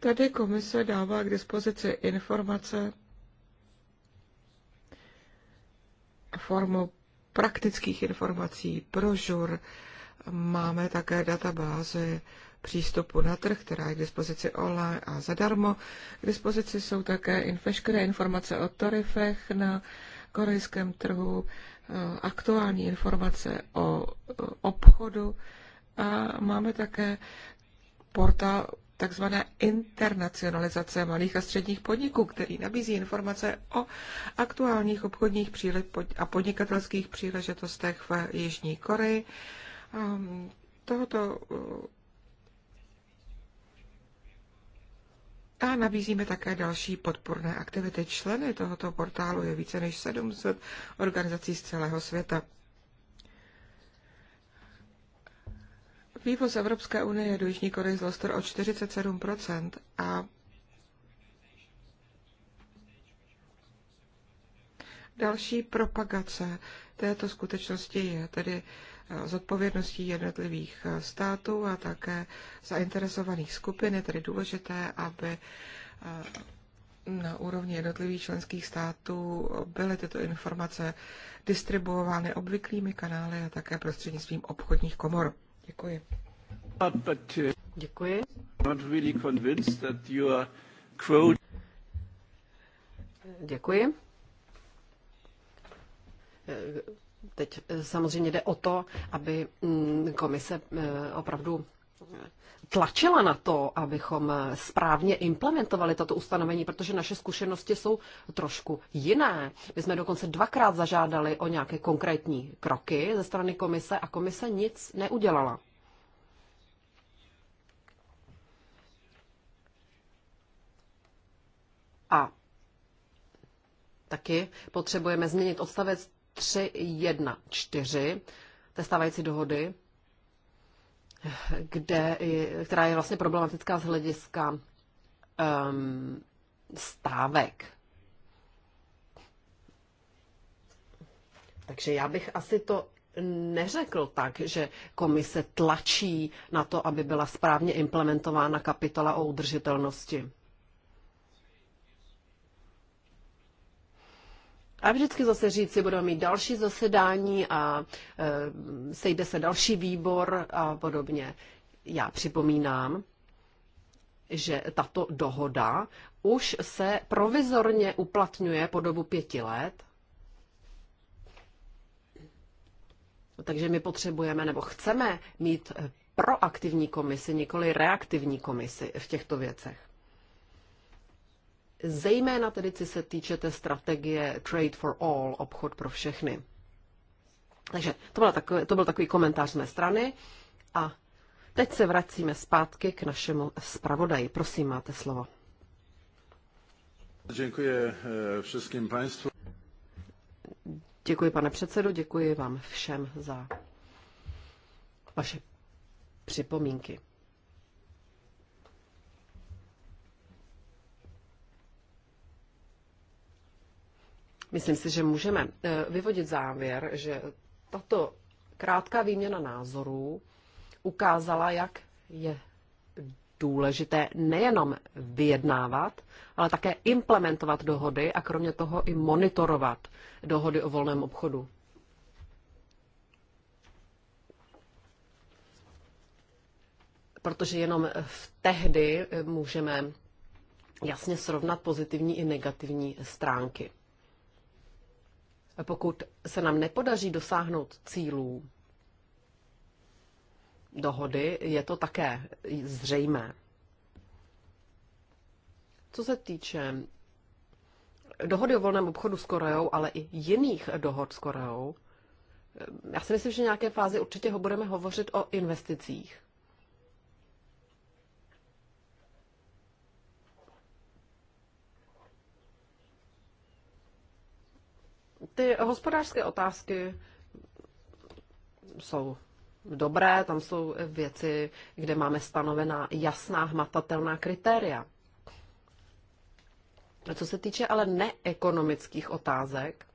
[SPEAKER 4] Tady komise dává k dispozici informace formou praktických informací, brožur. Máme také databáze přístupu na trh, která je k dispozici online a zadarmo. K dispozici jsou také veškeré informace o tarifech na korejském trhu, eh, aktuální informace o obchodu a máme také portál takzvaná internacionalizace malých a středních podniků, který nabízí informace o aktuálních obchodních a podnikatelských příležitostech v Jižní Koreji. Ehm, tohoto eh, A nabízíme také další podporné aktivity. Členy tohoto portálu je více než 700 organizací z celého světa. Vývoz Evropské unie do Jižní Koreje zlostr o 47 a další propagace této skutečnosti je tedy eh, zodpovědností jednotlivých eh, států a také zainteresovaných skupin. Je tedy důležité, aby eh, na úrovni jednotlivých členských států byly tyto informace distribuovány obvyklými kanály a také prostřednictvím obchodních komor. Děkuji.
[SPEAKER 2] Děkuji. Teď samozřejmě jde o to, aby komise eh, opravdu tlačila na to, abychom správně implementovali tato ustanovení, protože naše zkušenosti jsou trošku jiné. My jsme dokonce dvakrát zažádali o nějaké konkrétní kroky ze strany komise a komise nic neudělala. A taky potřebujeme změnit odstavec 3.1.4 té stávající dohody, kde, která je vlastně problematická z hlediska um, stávek. Takže já bych asi to neřekl tak, že komise tlačí na to, aby byla správně implementována kapitola o udržitelnosti. A vždycky zase říci, budeme mít další zasedání a e, sejde se další výbor a podobně. Já připomínám, že tato dohoda už se provizorně uplatňuje po dobu pěti let. Takže my potřebujeme nebo chceme mít proaktivní komisi, nikoli reaktivní komisi v těchto věcech zejména tedy, co se týče té strategie Trade for All, obchod pro všechny. Takže to, byla takový, to byl takový komentář z mé strany a teď se vracíme zpátky k našemu zpravodaji. Prosím, máte slovo.
[SPEAKER 1] Děkuji eh, všem Państwu.
[SPEAKER 2] Děkuji, pane předsedu, děkuji vám všem za vaše připomínky. Myslím si, že můžeme eh, vyvodit závěr, že tato krátká výměna názorů ukázala, jak je důležité nejenom vyjednávat, ale také implementovat dohody a kromě toho i monitorovat dohody o volném obchodu. Protože jenom v tehdy můžeme jasně srovnat pozitivní i negativní stránky pokud se nám nepodaří dosáhnout cílů dohody, je to také zřejmé. Co se týče dohody o volném obchodu s Koreou, ale i jiných dohod s Koreou, já si myslím, že v nějaké fázi určitě ho budeme hovořit o investicích. ty hospodářské otázky jsou dobré, tam jsou věci, kde máme stanovená jasná, hmatatelná kritéria. A co se týče ale neekonomických otázek,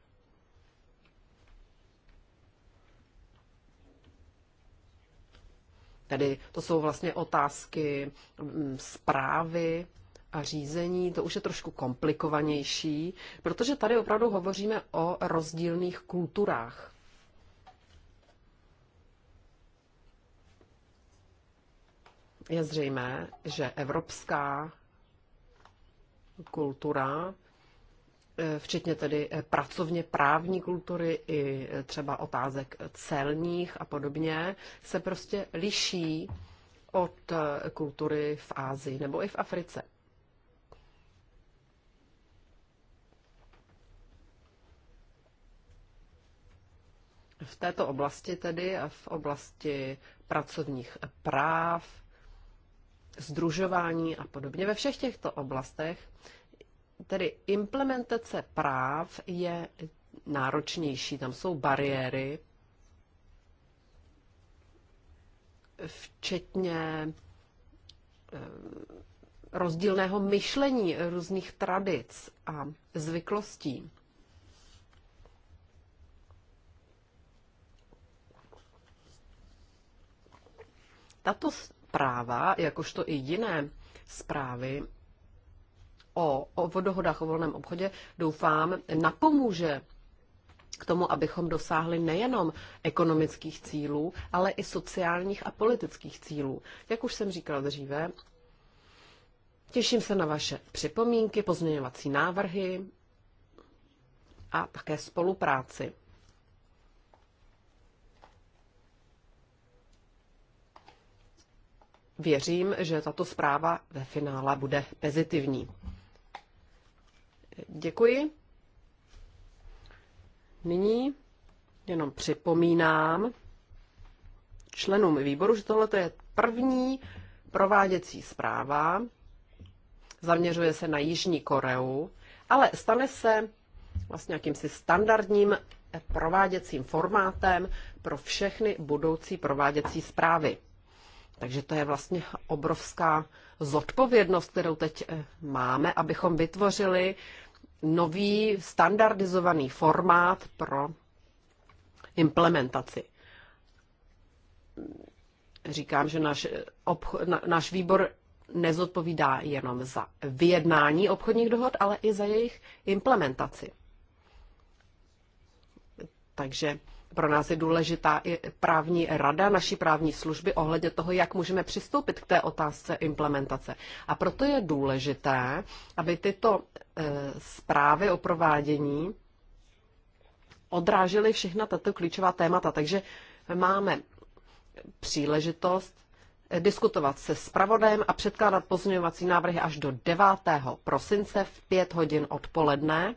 [SPEAKER 2] Tedy to jsou vlastně otázky mm, zprávy a řízení, to už je trošku komplikovanější, protože tady opravdu hovoříme o rozdílných kulturách. Je zřejmé, že evropská kultura, eh, včetně tedy eh, pracovně právní kultury i eh, třeba otázek celních a podobně, se prostě liší od kultury v Ázii nebo i v Africe. v této oblasti tedy a v oblasti pracovních práv, združování a podobně. Ve všech těchto oblastech tedy implementace práv je náročnější, tam jsou bariéry, včetně eh, rozdílného myšlení různých tradic a zvyklostí. Tato zpráva, jakožto i jiné zprávy o, o dohodách o volném obchodě, doufám, napomůže k tomu, abychom dosáhli nejenom ekonomických cílů, ale i sociálních a politických cílů. Jak už jsem říkal dříve, těším se na vaše připomínky, pozměňovací návrhy a také spolupráci. věřím, že tato zpráva ve finále bude pozitivní. Děkuji. Nyní jenom připomínám členům výboru, že tohle je první prováděcí zpráva. Zaměřuje se na Jižní Koreu, ale stane se vlastně jakýmsi standardním prováděcím formátem pro všechny budoucí prováděcí zprávy. Takže to je vlastně obrovská zodpovědnost, kterou teď eh, máme, abychom vytvořili nový standardizovaný formát pro implementaci. Říkám, že náš, eh, obcho- na, náš výbor nezodpovídá jenom za vyjednání obchodních dohod, ale i za jejich implementaci. Takže pro nás je důležitá i právní rada naší právní služby ohledně toho, jak můžeme přistoupit k té otázce implementace. A proto je důležité, aby tyto eh, zprávy o provádění odrážely všechna tato klíčová témata. Takže máme příležitost eh, diskutovat se zpravodajem a předkládat pozměňovací návrhy až do 9. prosince v 5 hodin odpoledne.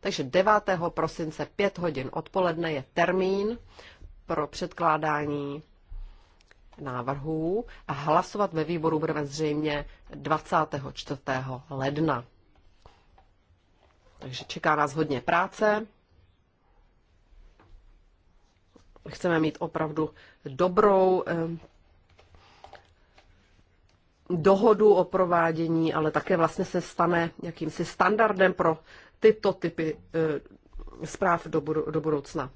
[SPEAKER 2] Takže 9. prosince 5 hodin odpoledne je termín pro předkládání návrhů a hlasovat ve výboru budeme zřejmě 24. ledna. Takže čeká nás hodně práce. Chceme mít opravdu dobrou eh, dohodu o provádění, ale také vlastně se stane jakýmsi standardem pro tyto typy e, zpráv do, do budoucna.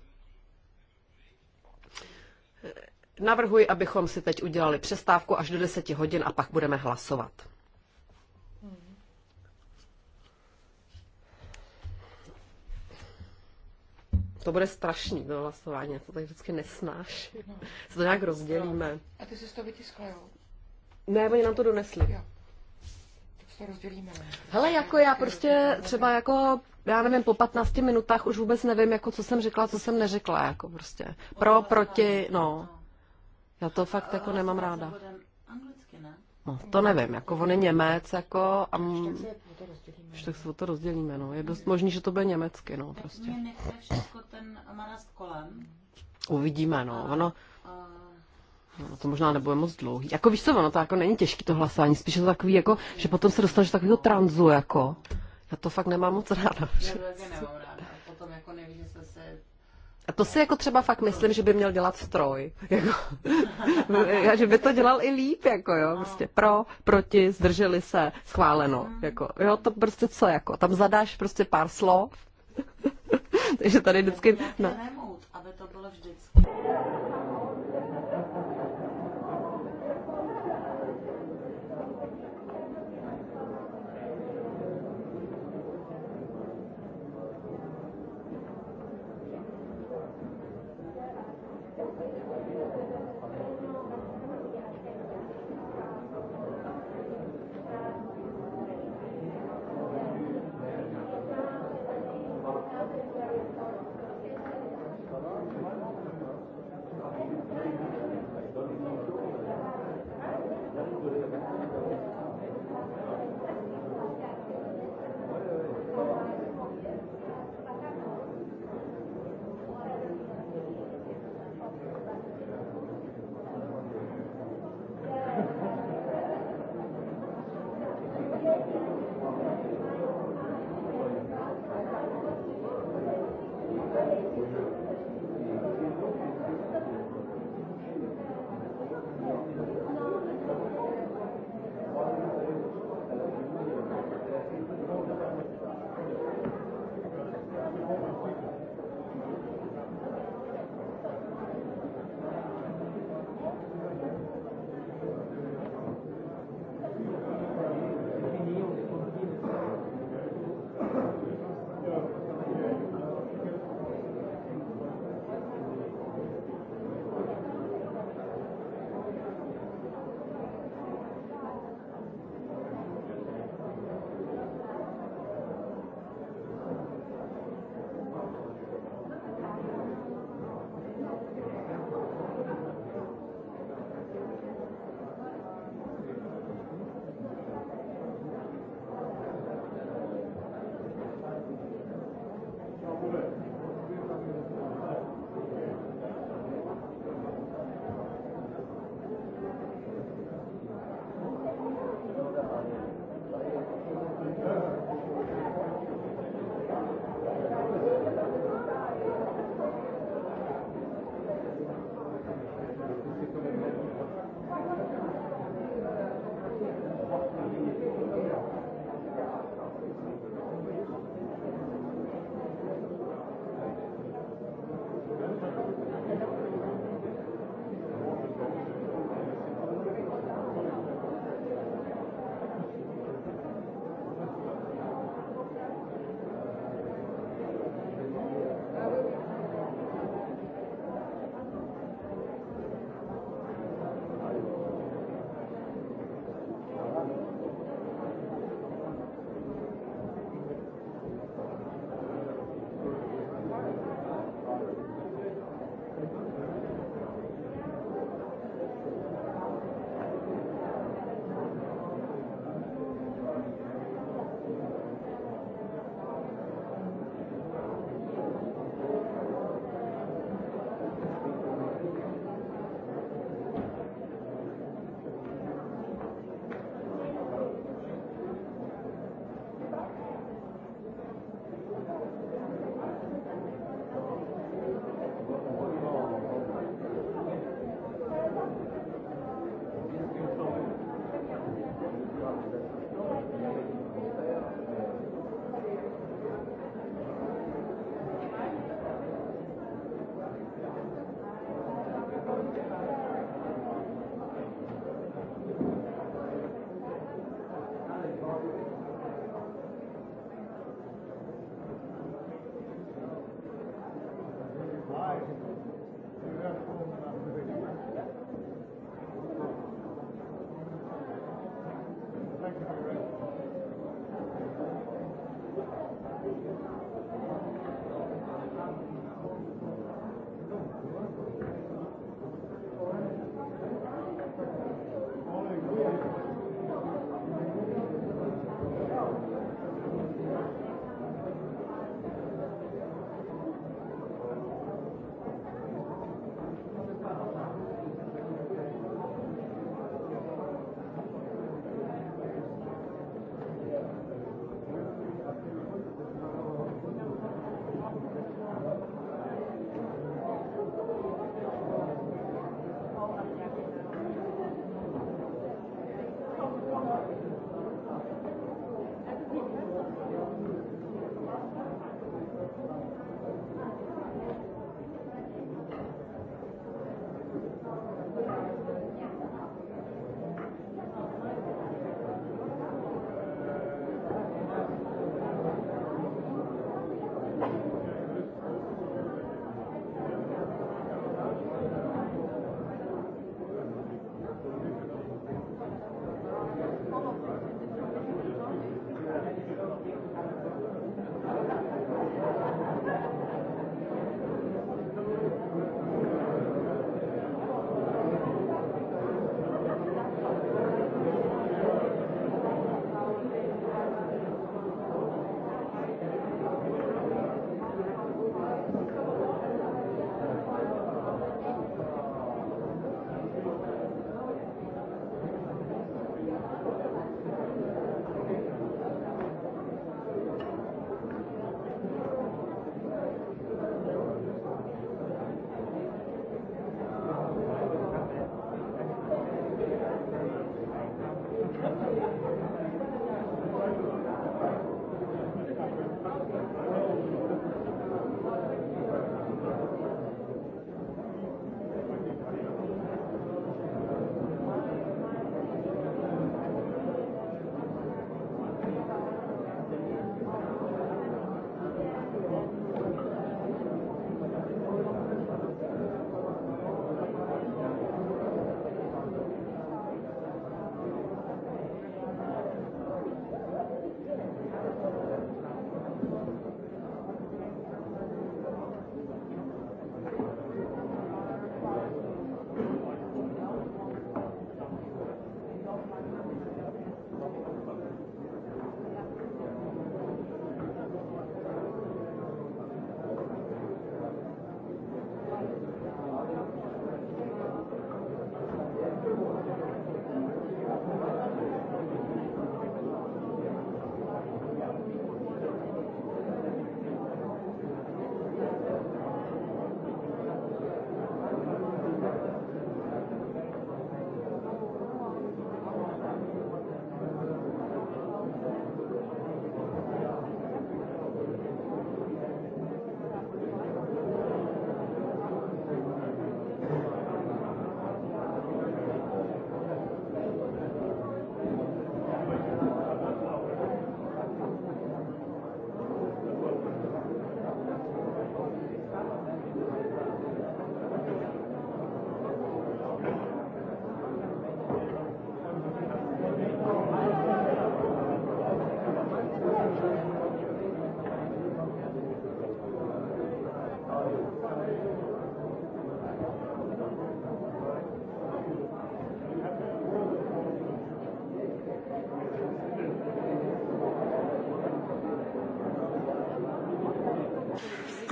[SPEAKER 2] Navrhuji, abychom si teď udělali přestávku až do 10 hodin a pak budeme hlasovat. To bude strašný, to hlasování, to tady vždycky nesnáš. No. Se to nějak rozdělíme.
[SPEAKER 4] A ty jsi to vytiskla, jo?
[SPEAKER 2] Ne, oni nám to donesli. Jo. Hele, jako já prostě třeba jako, já nevím, po 15 minutách už vůbec nevím, jako co jsem řekla, co jsem neřekla, jako prostě. Pro, proti, no. Já to fakt jako nemám ráda. No, to nevím, jako on je Němec, jako a m... Už tak se to rozdělíme, no. Je dost možný, že to bude německy, no, prostě. Uvidíme, no. Ono, No, to možná nebude moc dlouhý. Jako víš co, ono to jako není těžký to hlasání, spíš je to takový jako, že potom se dostaneš do takového tranzu jako. Já to fakt nemám moc ráda. Já to
[SPEAKER 3] nemám ráda. Potom jako nevíš, že se
[SPEAKER 2] a to si jako třeba fakt myslím, že by měl dělat stroj. Jako,
[SPEAKER 1] že by
[SPEAKER 2] to dělal i líp, jako jo. Prostě pro, proti, zdrželi se, schváleno. Jako, jo, to prostě co, jako. Tam zadáš prostě pár slov. Takže tady vždycky... No. Ne.
[SPEAKER 3] to bylo vždycky.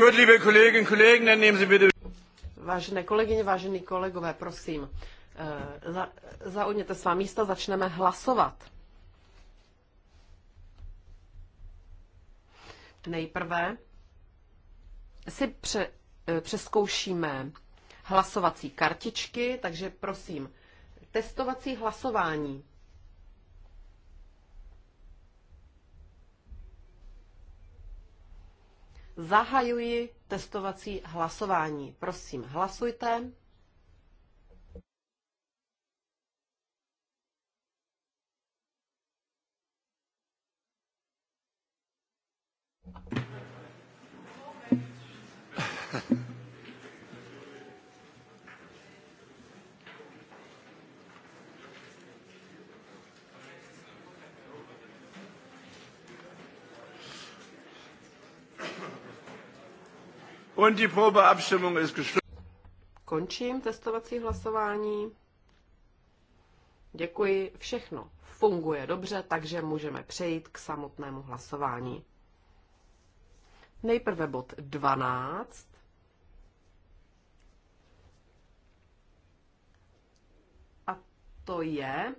[SPEAKER 4] Gut, liebe Kolleginnen und Kollegen, dann nehmen Sie bitte...
[SPEAKER 2] Vážené kolegyně, vážení kolegové, prosím, eh, za, zaujměte svá místa, začneme hlasovat. Nejprve si pře, eh, přeskoušíme hlasovací kartičky, takže prosím, testovací hlasování. Zahajuji testovací hlasování. Prosím, hlasujte.
[SPEAKER 3] Und die Probeabstimmung ist geschlossen.
[SPEAKER 2] Končím testovací hlasování. Děkuji, všechno funguje dobře, takže můžeme přejít k samotnému hlasování. Nejprve bod 12. A to je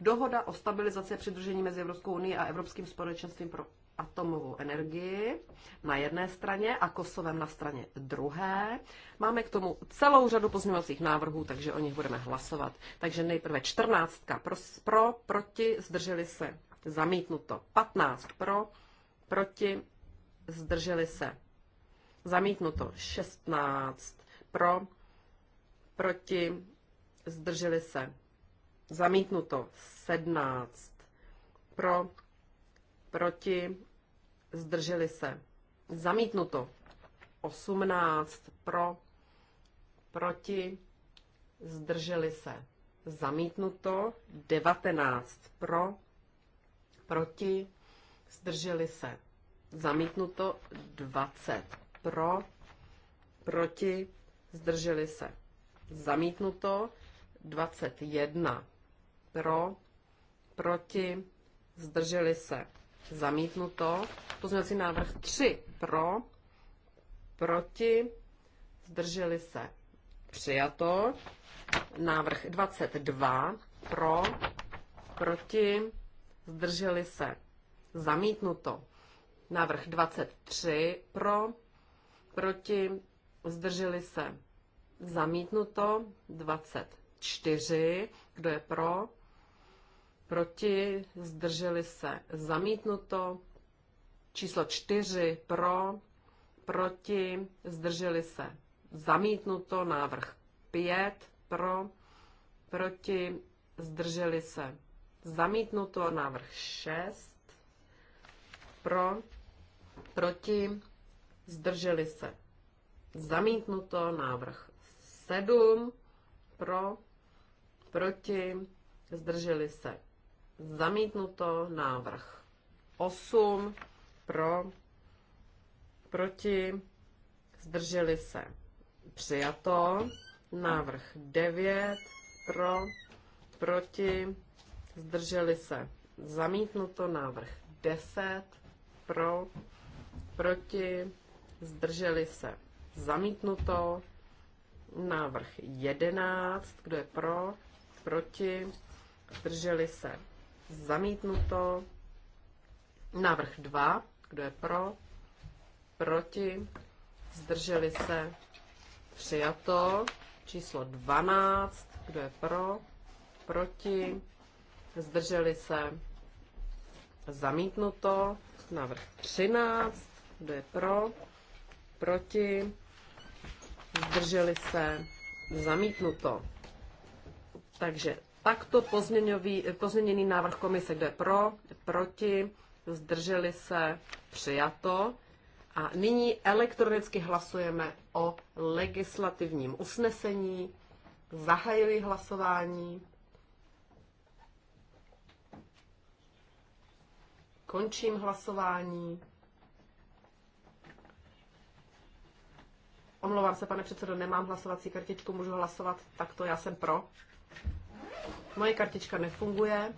[SPEAKER 2] dohoda o stabilizaci a přidružení mezi Evropskou unii a Evropským společenstvím pro atomovou energii na jedné straně a Kosovem na straně druhé. Máme k tomu celou řadu pozměňovacích návrhů, takže o nich budeme hlasovat. Takže nejprve 14 pro, pro proti, zdrželi se zamítnuto. 15 pro, proti, zdrželi se zamítnuto. 16 pro, proti, zdrželi se zamítnuto. 17 pro, proti, zdrželi se. Zamítnuto. 18 pro, proti, zdrželi se. Zamítnuto. 19 pro, proti, zdrželi se. Zamítnuto. 20 pro, proti, zdrželi se. Zamítnuto. 21 pro, proti, zdrželi se Zamítnuto. Pozměňovací návrh 3 pro, proti, zdrželi se. Přijato. Návrh 22 pro, proti, zdrželi se. Zamítnuto. Návrh 23 pro, proti, zdrželi se. Zamítnuto. 24. Kdo je pro? proti, zdrželi se zamítnuto, číslo čtyři pro, proti, zdrželi se zamítnuto, návrh pět pro, proti, zdrželi se zamítnuto, návrh šest pro, proti, zdrželi se zamítnuto, návrh sedm pro, proti, zdrželi se Zamítnuto návrh 8 pro, proti, zdrželi se. Přijato. Návrh 9 pro, proti, zdrželi se. Zamítnuto návrh 10 pro, proti, zdrželi se. Zamítnuto návrh 11, kdo je pro, proti, zdrželi se Zamítnuto. Návrh 2. Kdo je pro? Proti? Zdrželi se? Přijato. Číslo 12. Kdo je pro? Proti? Zdrželi se? Zamítnuto. Návrh 13. Kdo je pro? Proti? Zdrželi se? Zamítnuto. Takže Takto pozměněný návrh komise, kde pro, proti, zdrželi se, přijato. A nyní elektronicky hlasujeme o legislativním usnesení. Zahajuji hlasování. Končím hlasování. Omlouvám se, pane předsedo, nemám hlasovací kartičku, můžu hlasovat takto, já jsem pro. Moje kartička nefunguje.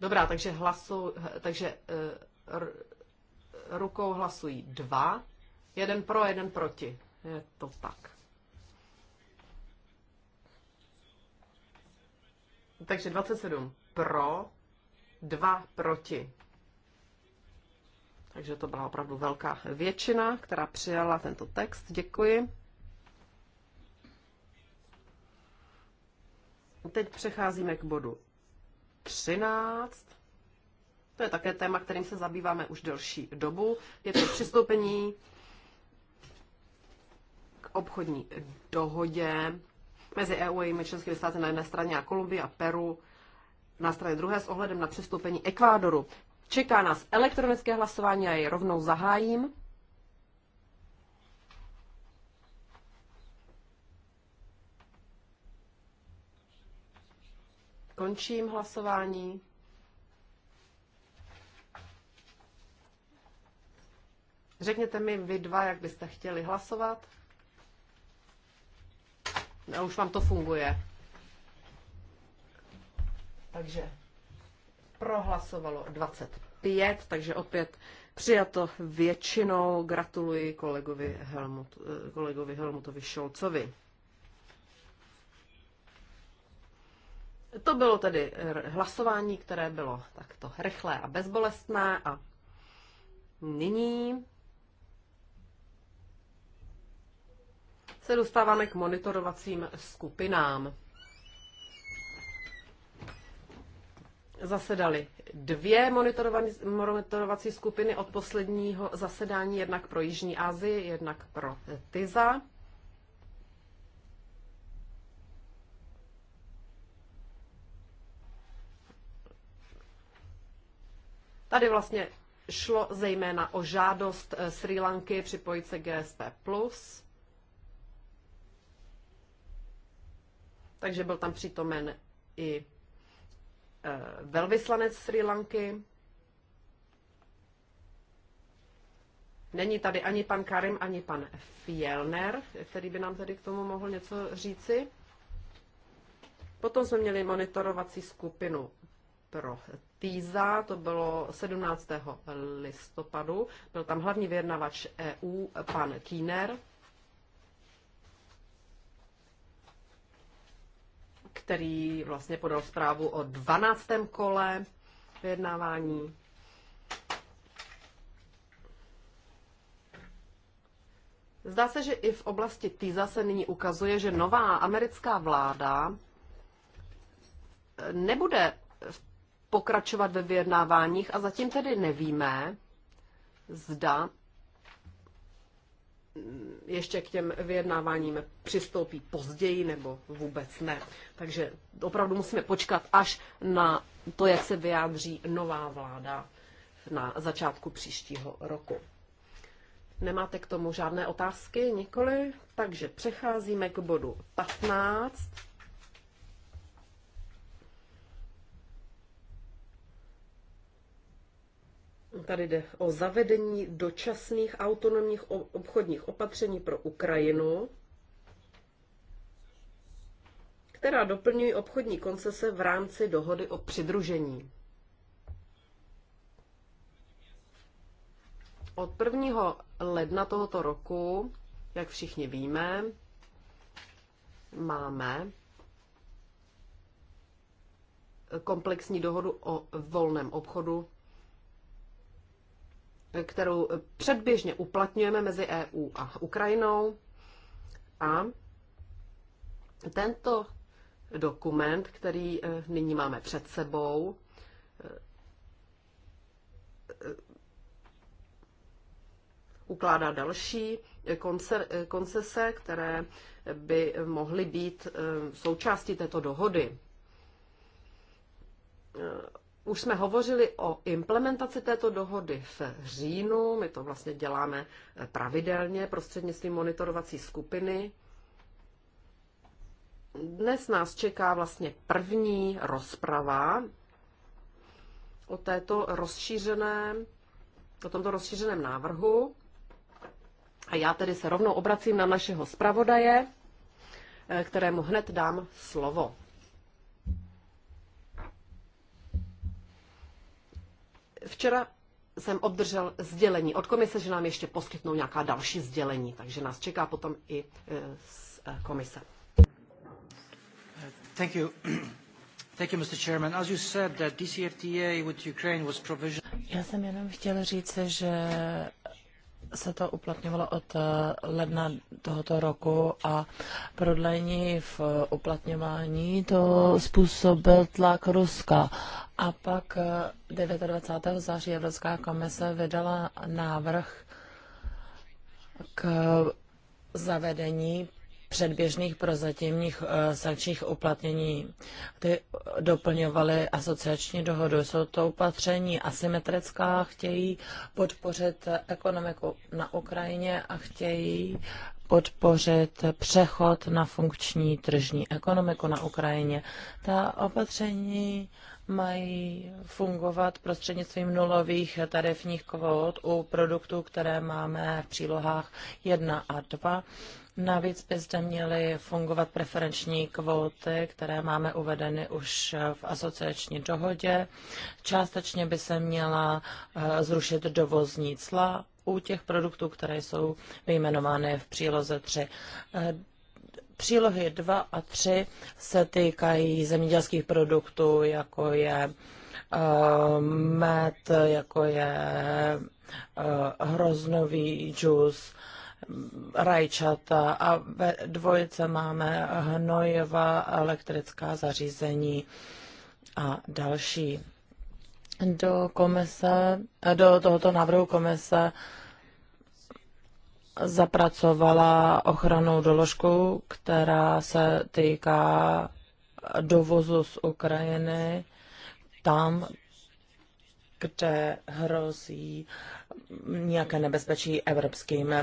[SPEAKER 2] Dobrá, takže hlasu, takže uh, rukou hlasují dva, jeden pro, jeden proti. Je to tak. Takže 27 pro, dva proti. Takže to byla opravdu velká většina, která přijala tento text. Děkuji. Teď přecházíme k bodu 13. To je také téma, kterým se zabýváme už delší dobu. Je to přistoupení k obchodní dohodě mezi EU a jejími členskými státy na jedné straně a Kolumbii a Peru na straně druhé s ohledem na přestoupení Ekvádoru. Čeká nás elektronické hlasování a jej rovnou zahájím. Končím hlasování. Řekněte mi vy dva, jak byste chtěli hlasovat. No, už vám to funguje. Takže prohlasovalo 25, takže opět přijato většinou. Gratuluji kolegovi, Helmut, eh, kolegovi Helmutovi Šolcovi. To bylo tedy hlasování, které bylo takto rychlé a bezbolestné a nyní se dostáváme k monitorovacím skupinám. zasedali dvě monitorovací skupiny od posledního zasedání, jednak pro Jižní Asii, jednak pro TISA. Tady vlastně šlo zejména o žádost eh, Sri Lanky připojit se GSP+. Takže byl tam přítomen i Eh, velvyslanec Sri Lanky. Není tady ani pan Karim, ani pan Fielner, který by nám tady k tomu mohl něco říci. Potom jsme měli monitorovací skupinu pro TISA, to bylo 17. listopadu. Byl tam hlavní vyjednavač EU, pan Kiener, který vlastně podal zprávu o 12. kole vyjednávání. Zdá se, že i v oblasti TISA se nyní ukazuje, že nová americká vláda nebude pokračovat ve vyjednáváních a zatím tedy nevíme, zda ještě k těm vyjednáváním přistoupí později nebo vůbec ne. Takže opravdu musíme počkat až na to, jak se vyjádří nová vláda na začátku příštího roku. Nemáte k tomu žádné otázky? Nikoli? Takže přecházíme k bodu 15 Tady jde o zavedení dočasných autonomních obchodních opatření pro Ukrajinu, která doplňují obchodní koncese v rámci dohody o přidružení. Od 1. ledna tohoto roku, jak všichni víme, máme komplexní dohodu o volném obchodu kterou předběžně uplatňujeme mezi EU a Ukrajinou. A tento dokument, který eh, nyní máme před sebou, eh, ukládá další koncese, které by mohly být eh, součástí této dohody. Už jsme hovořili o implementaci této dohody v říjnu, my to vlastně děláme eh, pravidelně prostřednictvím monitorovací skupiny. Dnes nás čeká vlastně první rozprava o této rozšířené, o tomto rozšířeném návrhu. A já tedy se rovnou obracím na našeho zpravodaje, eh, kterému hned dám slovo. Včera jsem obdržel sdělení od komise, že nám ještě poskytnou nějaká další sdělení, takže nás čeká potom i z e, e, komise. Uh, thank you.
[SPEAKER 3] Thank you, Mr. Chairman. As you said, that DCFTA with Ukraine was provisional. Já jsem jenom chtěl říct, že se to uplatňovalo od eh, ledna tohoto roku a prodlení v eh, uplatňování to způsobil tlak Ruska. A pak eh, 29. září Evropská komise vydala návrh k zavedení předběžných prozatímních eh, sankčních uplatnění. Ty doplňovaly asociační dohodu. Jsou to opatření asymetrická, chtějí podpořit ekonomiku na Ukrajině a chtějí podpořit přechod na funkční tržní ekonomiku na Ukrajině. Ta opatření mají fungovat prostřednictvím nulových tarifních kvót u produktů, které máme v přílohách 1 a 2 Navíc by zde měly fungovat preferenční kvóty, které máme uvedeny už v asociační dohodě. Částečně by se měla eh, zrušit dovozní cla u těch produktů, které jsou vyjmenovány v příloze 3. Eh, přílohy 2 a 3 se týkají zemědělských produktů, jako je eh, med, jako je hroznový džus, rajčata a ve dvojice máme hnojiva, elektrická zařízení a další. Do komise, eh, do tohoto návrhu komise zapracovala ochranou doložku, která se týká dovozu z Ukrajiny tam, kde hrozí uh, nějaké nebezpečí evropským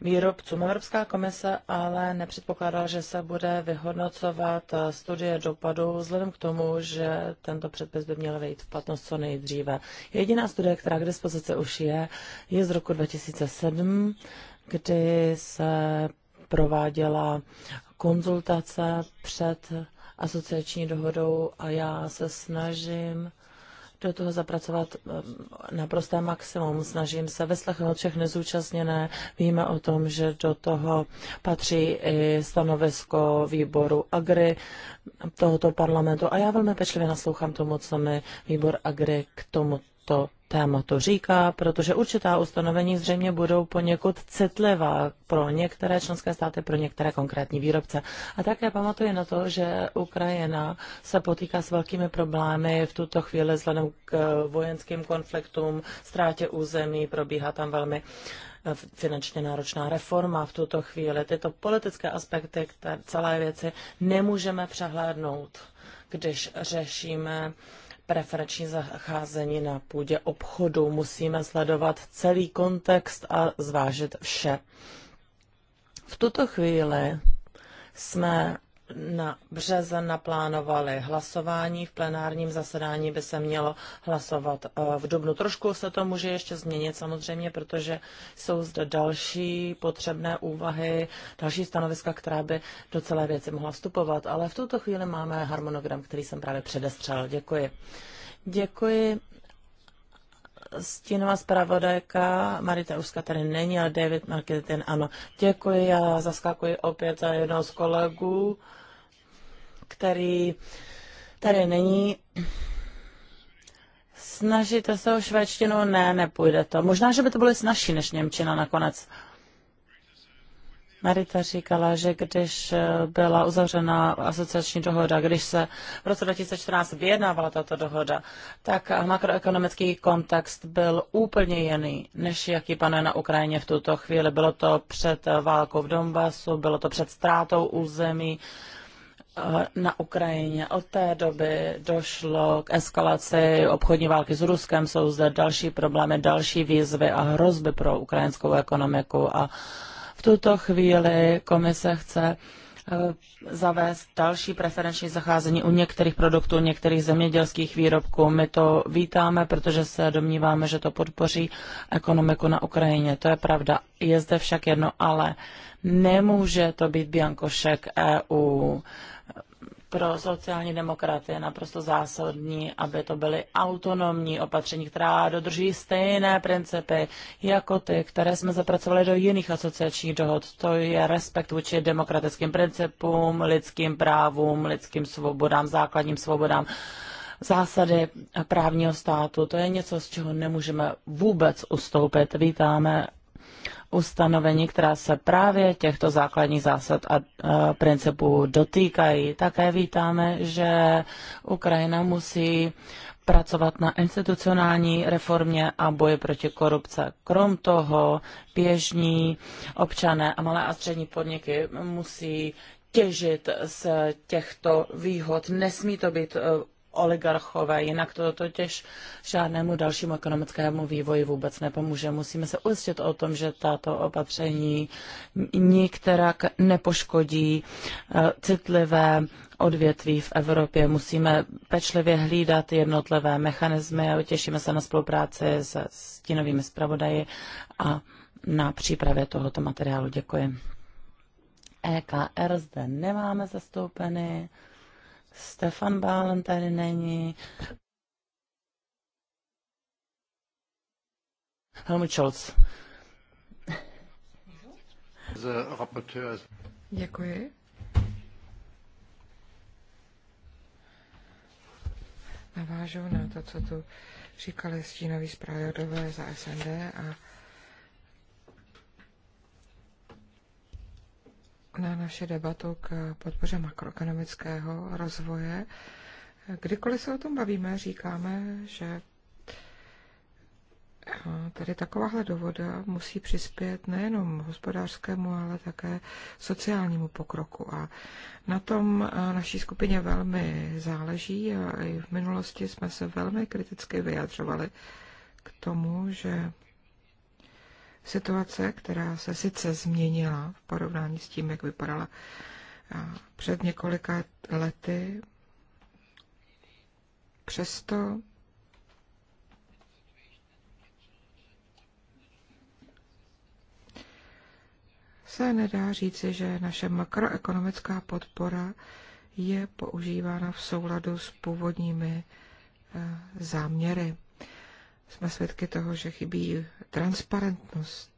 [SPEAKER 3] výrobcům. Evropská komise ale nepředpokládá, že se bude vyhodnocovat studie dopadu vzhledem k tomu, že tento předpis by měl vejít v platnost co nejdříve. Jediná studie, která k dispozici už je, je z roku 2007, kdy se prováděla konzultace před asociační dohodou a já se snažím do toho zapracovat eh, naprosté maximum. Snažím se vyslechnout všechny zúčastněné. Víme o tom, že do toho patří i stanovisko výboru AGRI tohoto parlamentu a já velmi pečlivě naslouchám tomu, co mi výbor AGRI k tomu Téma to říká, protože určitá ustanovení zřejmě budou poněkud citlivá pro některé členské státy, pro některé konkrétní výrobce. A také pamatuje na to, že Ukrajina se potýká s velkými problémy v tuto chvíli vzhledem k eh, vojenským konfliktům, ztrátě území, probíhá tam velmi eh, finančně náročná reforma v tuto chvíli. Tyto politické aspekty které celé věci nemůžeme přehlédnout, když řešíme preferenční zacházení na půdě obchodu. Musíme sledovat celý kontext a zvážit vše. V tuto chvíli jsme na březen naplánovali hlasování. V plenárním zasedání by se mělo hlasovat eh, v dubnu. Trošku se to může ještě změnit samozřejmě, protože jsou zde další potřebné úvahy, další stanoviska, která by do celé věci mohla vstupovat. Ale v tuto chvíli máme harmonogram, který jsem právě předestřel. Děkuji. Děkuji. Stínová zpravodajka Marita Ruska tady není, ale David Marketin ano. Děkuji, já zaskakuji opět za jednoho z kolegů, který tady není. Snažíte se o švédštinu? Ne, nepůjde to. Možná, že by to bylo snažší než Němčina nakonec. Marita říkala, že když eh, byla uzavřena asociační dohoda, když se v roce 2014 vyjednávala tato dohoda, tak makroekonomický kontext byl úplně jiný, než jaký panuje na Ukrajině v tuto chvíli. Bylo to před válkou v Donbasu, bylo to před ztrátou území eh, na Ukrajině. Od té doby došlo k eskalaci obchodní války s Ruskem, jsou zde další problémy, další výzvy a hrozby pro ukrajinskou ekonomiku a v tuto chvíli komise chce eh, zavést další preferenční zacházení u některých produktů, některých zemědělských výrobků. My to vítáme, protože se domníváme, že to podpoří ekonomiku na Ukrajině. To je pravda. Je zde však jedno ale. Nemůže to být biankošek EU pro sociální demokraty je naprosto zásadní, aby to byly autonomní opatření, která dodrží stejné principy jako ty, které jsme zapracovali do jiných asociačních dohod. To je respekt vůči demokratickým principům, lidským právům, lidským svobodám, základním svobodám zásady právního státu. To je něco, z čeho nemůžeme vůbec ustoupit. Vítáme ustanovení, která se právě těchto základních zásad a e, principů dotýkají. Také vítáme, že Ukrajina musí pracovat na institucionální reformě a boji proti korupce. Krom toho běžní občané a malé a střední podniky musí těžit z těchto výhod. Nesmí to být e, oligarchové, jinak to totiž žádnému dalšímu ekonomickému vývoji vůbec nepomůže. Musíme se ujistit o tom, že tato opatření nikterak nepoškodí eh, citlivé odvětví v Evropě. Musíme pečlivě hlídat jednotlivé mechanismy a těšíme se na spolupráci s stínovými zpravodaji a na přípravě tohoto materiálu. Děkuji. EKR zde nemáme zastoupeny. Stefan Bálen tady není. Helmut Scholz. Děkuji.
[SPEAKER 4] Navážu na to, co tu říkali stínoví zpravodové za SND a na naše debatu k podpoře makroekonomického rozvoje. Kdykoliv se o tom bavíme, říkáme, že eh, Tady takováhle dovoda musí přispět nejenom hospodářskému, ale také sociálnímu pokroku. A na tom eh, naší skupině velmi záleží a i v minulosti jsme se velmi kriticky vyjadřovali k tomu, že situace, která se sice změnila v porovnání s tím, jak vypadala před několika lety, přesto se nedá říci, že naše makroekonomická podpora je používána v souladu s původními eh, záměry jsme svědky toho, že chybí transparentnost,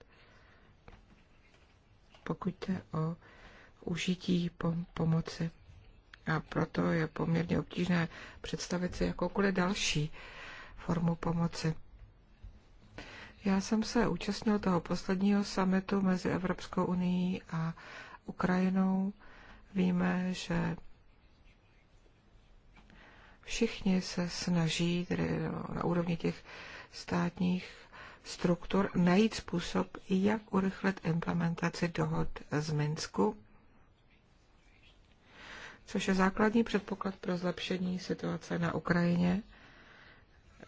[SPEAKER 4] pokud jde o užití pom- pomoci. A proto je poměrně obtížné představit si jakoukoliv další formu pomoci. Já jsem se účastnil toho posledního summitu mezi Evropskou unii a Ukrajinou. Víme, že všichni se snaží, tedy na úrovni těch státních struktur najít způsob, jak urychlit implementaci dohod z Minsku, což je základní předpoklad pro zlepšení situace na Ukrajině.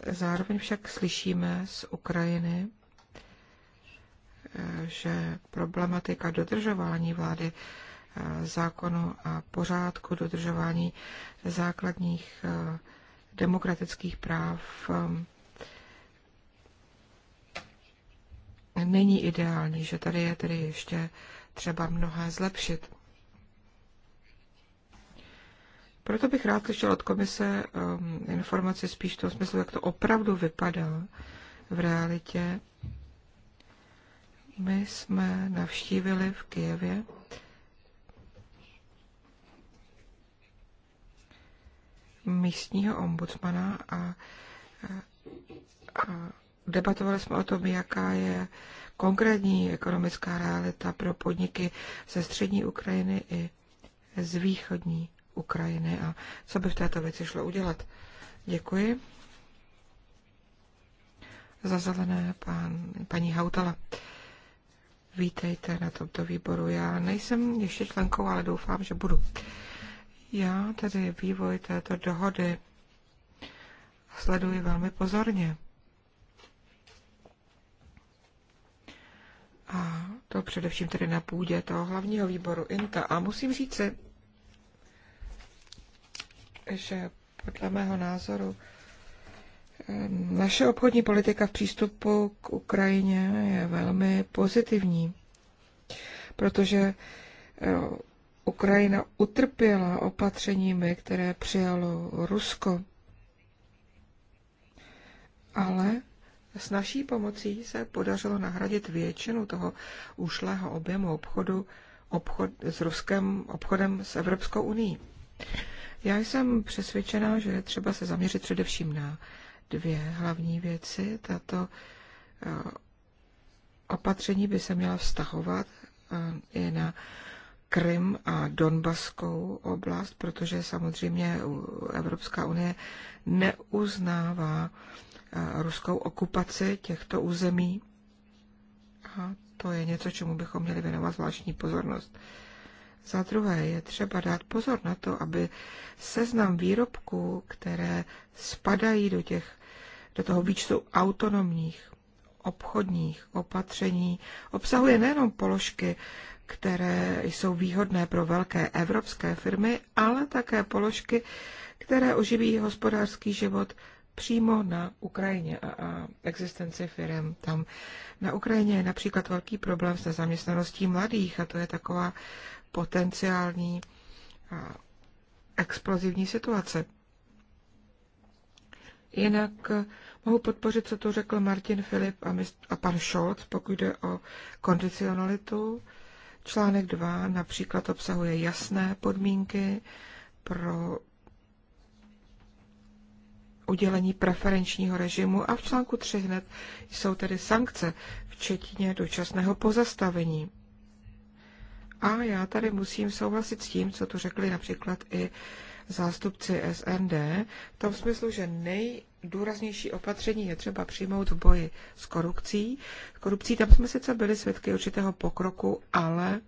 [SPEAKER 4] Zároveň však slyšíme z Ukrajiny, že problematika dodržování vlády eh, zákonu a pořádku, dodržování základních eh, demokratických práv eh, není ideální, že tady je tedy ještě třeba mnohé zlepšit. Proto bych rád slyšel od komise um, informace spíš v tom smyslu, jak to opravdu vypadá v realitě. My jsme navštívili v Kijevě místního ombudsmana a, a, a Debatovali jsme o tom, jaká je konkrétní ekonomická realita pro podniky ze střední Ukrajiny i z východní Ukrajiny a co by v této věci šlo udělat. Děkuji. Za zelené pán, paní Hautala. Vítejte na tomto výboru. Já nejsem ještě členkou, ale doufám, že budu. Já tedy vývoj této dohody sleduji velmi pozorně. A to především tedy na půdě toho hlavního výboru INTA. A musím říci, že podle mého názoru eh, naše obchodní politika v přístupu k Ukrajině je velmi pozitivní, protože eh, Ukrajina utrpěla opatřeními, které přijalo Rusko. Ale s naší pomocí se podařilo nahradit většinu toho ušlého objemu obchodu obchod s ruským obchodem s Evropskou uní. Já jsem přesvědčená, že je třeba se zaměřit především na dvě hlavní věci. Tato eh, opatření by se měla vztahovat eh, i na Krym a Donbaskou oblast, protože samozřejmě Evropská unie neuznává ruskou okupaci těchto území. A to je něco, čemu bychom měli věnovat zvláštní pozornost. Za druhé je třeba dát pozor na to, aby seznam výrobků, které spadají do, těch, do toho výčtu autonomních obchodních opatření, obsahuje nejenom položky, které jsou výhodné pro velké evropské firmy, ale také položky, které oživí hospodářský život přímo na Ukrajině a, a existenci firm tam. Na Ukrajině je například velký problém se zaměstnaností mladých a to je taková potenciální a, explozivní situace. Jinak eh, mohu podpořit, co tu řekl Martin Filip a, a pan Scholz, pokud jde o kondicionalitu. Článek 2 například obsahuje jasné podmínky pro udělení preferenčního režimu a v článku 3 hned jsou tedy sankce, včetně dočasného pozastavení. A já tady musím souhlasit s tím, co tu řekli například i zástupci SND, v tom smyslu, že nejdůraznější opatření je třeba přijmout v boji s korupcí. Korupcí tam jsme sice byli svědky určitého pokroku, ale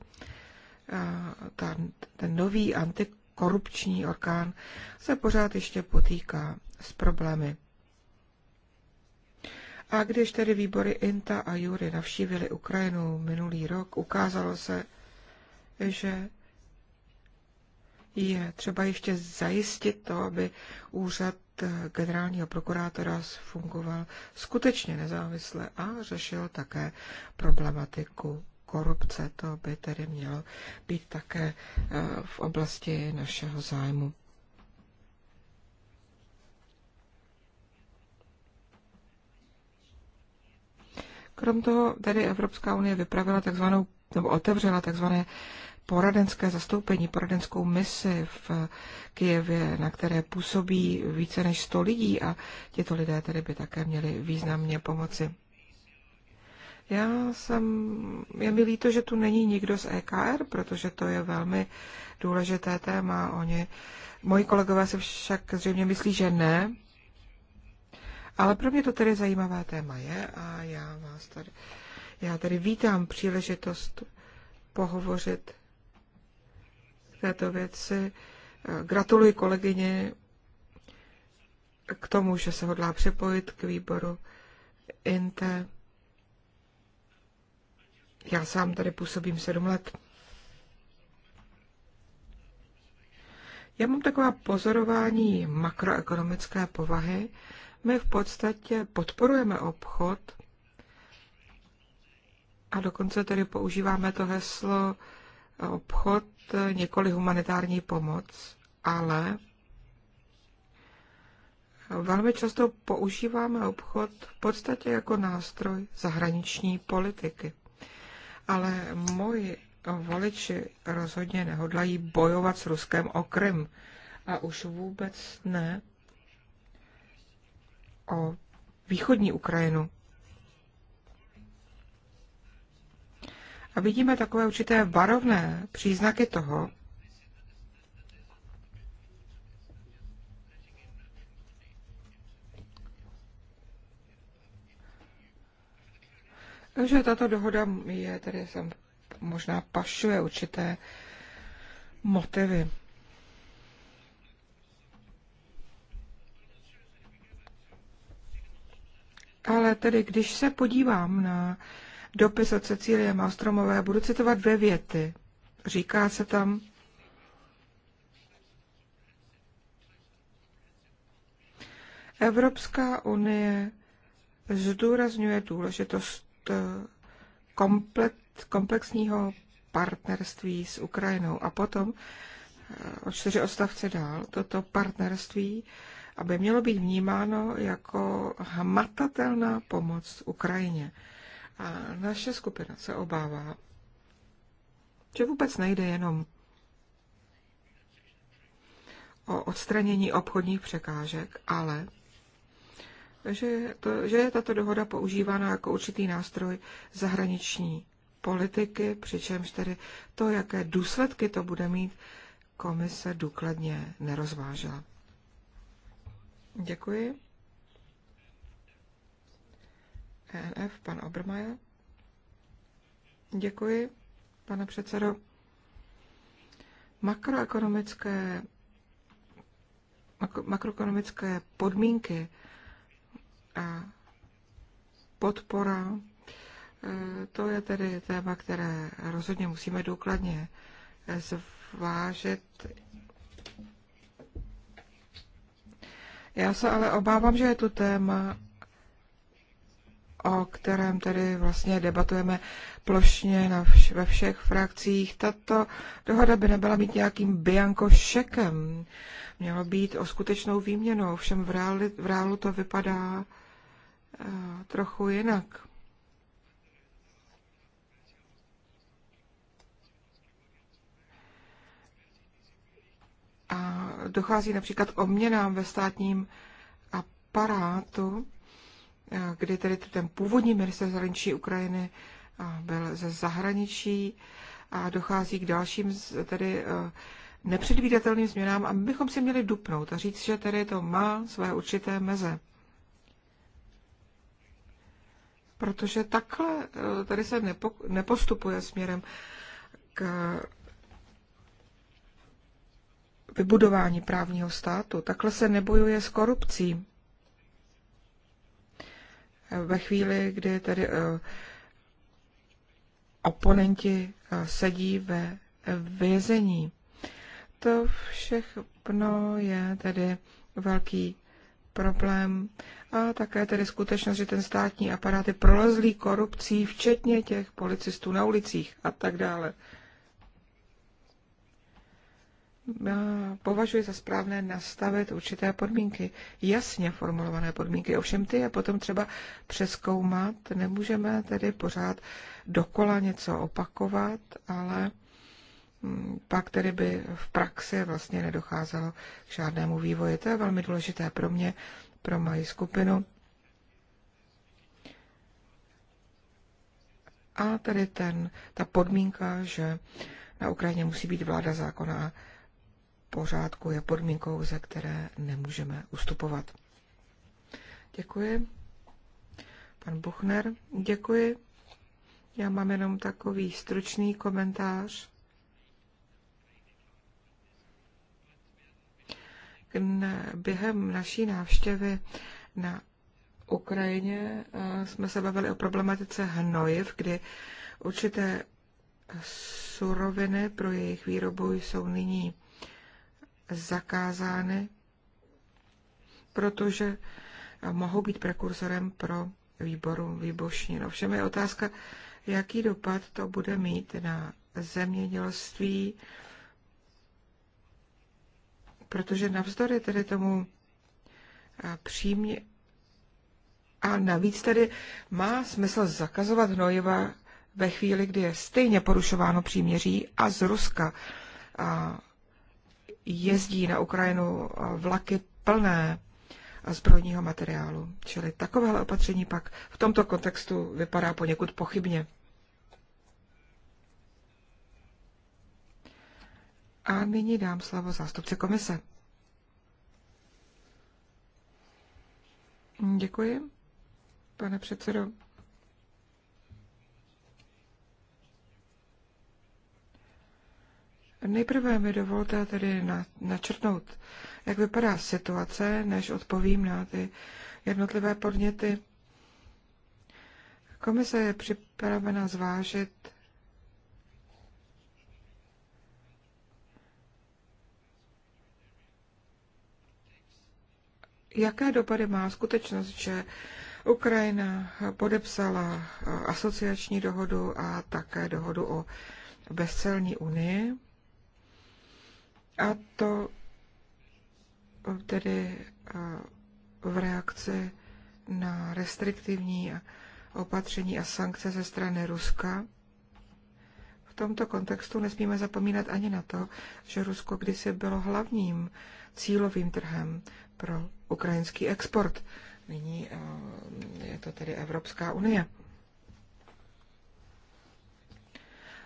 [SPEAKER 4] ta, ten nový antikorupční orgán se pořád ještě potýká s problémy. A když tedy výbory INTA a Jury navštívili Ukrajinu minulý rok, ukázalo se, že je třeba ještě zajistit to, aby úřad generálního prokurátora fungoval skutečně nezávisle a řešil také problematiku korupce. To by tedy mělo být také eh, v oblasti našeho zájmu. Krom toho tedy Evropská unie vypravila takzvanou, nebo otevřela takzvané poradenské zastoupení, poradenskou misi v Kijevě, na které působí více než 100 lidí a těto lidé tedy by také měli významně pomoci. Já jsem, je mi líto, že tu není nikdo z EKR, protože to je velmi důležité téma. Oni, moji kolegové se však zřejmě myslí, že ne, ale pro mě to tedy zajímavé téma je a já vás tady, já tady vítám příležitost pohovořit k této věci. Gratuluji kolegyně k tomu, že se hodlá připojit k výboru INTE. Já sám tady působím sedm let. Já mám taková pozorování makroekonomické povahy my v podstatě podporujeme obchod a dokonce tedy používáme to heslo eh, obchod, eh, nikoli humanitární pomoc, ale velmi často používáme obchod v podstatě jako nástroj zahraniční politiky. Ale moji voliči rozhodně nehodlají bojovat s Ruskem o Krym. A už vůbec ne o východní Ukrajinu. A vidíme takové určité varovné příznaky toho, že tato dohoda je tedy sem možná pašuje určité motivy. Ale tedy, když se podívám na dopis od Cecílie Malstromové, budu citovat dvě věty. Říká se tam, Evropská unie zdůrazňuje důležitost eh, komplet, komplexního partnerství s Ukrajinou. A potom eh, o čtyři odstavce dál toto partnerství aby mělo být vnímáno jako hmatatelná pomoc Ukrajině. A naše skupina se obává, že vůbec nejde jenom o odstranění obchodních překážek, ale že, to, že je tato dohoda používána jako určitý nástroj zahraniční politiky, přičemž tedy to, jaké důsledky to bude mít, komise důkladně nerozvážela. Děkuji. ENF, pan Obermajer. Děkuji, pane předsedo. Makroekonomické, makroekonomické podmínky a podpora, e, to je tedy téma, které rozhodně musíme důkladně zvážit Já se ale obávám, že je to téma, o kterém tedy vlastně debatujeme plošně na vš- ve všech frakcích. Tato dohoda by nebyla mít nějakým bianko šekem. Mělo být o skutečnou výměnu, ovšem v, reáli, v reálu to vypadá uh, trochu jinak. a dochází například k obměnám ve státním aparátu, eh, kdy tedy ten původní minister zahraničí Ukrajiny eh, byl ze zahraničí a dochází k dalším tedy eh, nepředvídatelným změnám a my bychom si měli dupnout a říct, že tedy to má své určité meze. Protože takhle tady se nepostupuje směrem k vybudování právního státu. Takhle se nebojuje s korupcí. Ve chvíli, kdy tedy eh, oponenti eh, sedí ve vězení. To všechno je tedy velký problém. A také tedy skutečnost, že ten státní aparát je prolezlý korupcí, včetně těch policistů na ulicích a tak dále považuji za správné nastavit určité podmínky, jasně formulované podmínky. Ovšem ty je potom třeba přeskoumat, nemůžeme tedy pořád dokola něco opakovat, ale mm, pak tedy by v praxi vlastně nedocházelo k žádnému vývoji. To je velmi důležité pro mě, pro moji skupinu. A tedy ten, ta podmínka, že na Ukrajině musí být vláda zákona a pořádku je podmínkou, ze které nemůžeme ustupovat. Děkuji. Pan Buchner, děkuji. Já mám jenom takový stručný komentář. Během naší návštěvy na Ukrajině eh, jsme se bavili o problematice hnojiv, kdy určité suroviny pro jejich výrobu jsou nyní zakázány, protože mohou být prekursorem pro výboru No všem je otázka, jaký dopad to bude mít na zemědělství, protože navzdory tedy tomu přímě a navíc tedy má smysl zakazovat hnojiva ve chvíli, kdy je stejně porušováno příměří a z Ruska. A jezdí na Ukrajinu vlaky plné zbrojního materiálu. Čili takovéhle opatření pak v tomto kontextu vypadá poněkud pochybně. A nyní dám slovo zástupci komise. Děkuji, pane předsedo. Nejprve mi dovolte tedy načrtnout, jak vypadá situace, než odpovím na ty jednotlivé podněty. Komise je připravena zvážit jaké dopady má skutečnost, že Ukrajina podepsala asociační dohodu a také dohodu o bezcelní unii. A to eh, tedy eh, v reakci na restriktivní opatření a sankce ze strany Ruska. V tomto kontextu nesmíme zapomínat ani na to, že Rusko kdysi bylo hlavním cílovým trhem pro ukrajinský export. Nyní eh, je to tedy Evropská unie.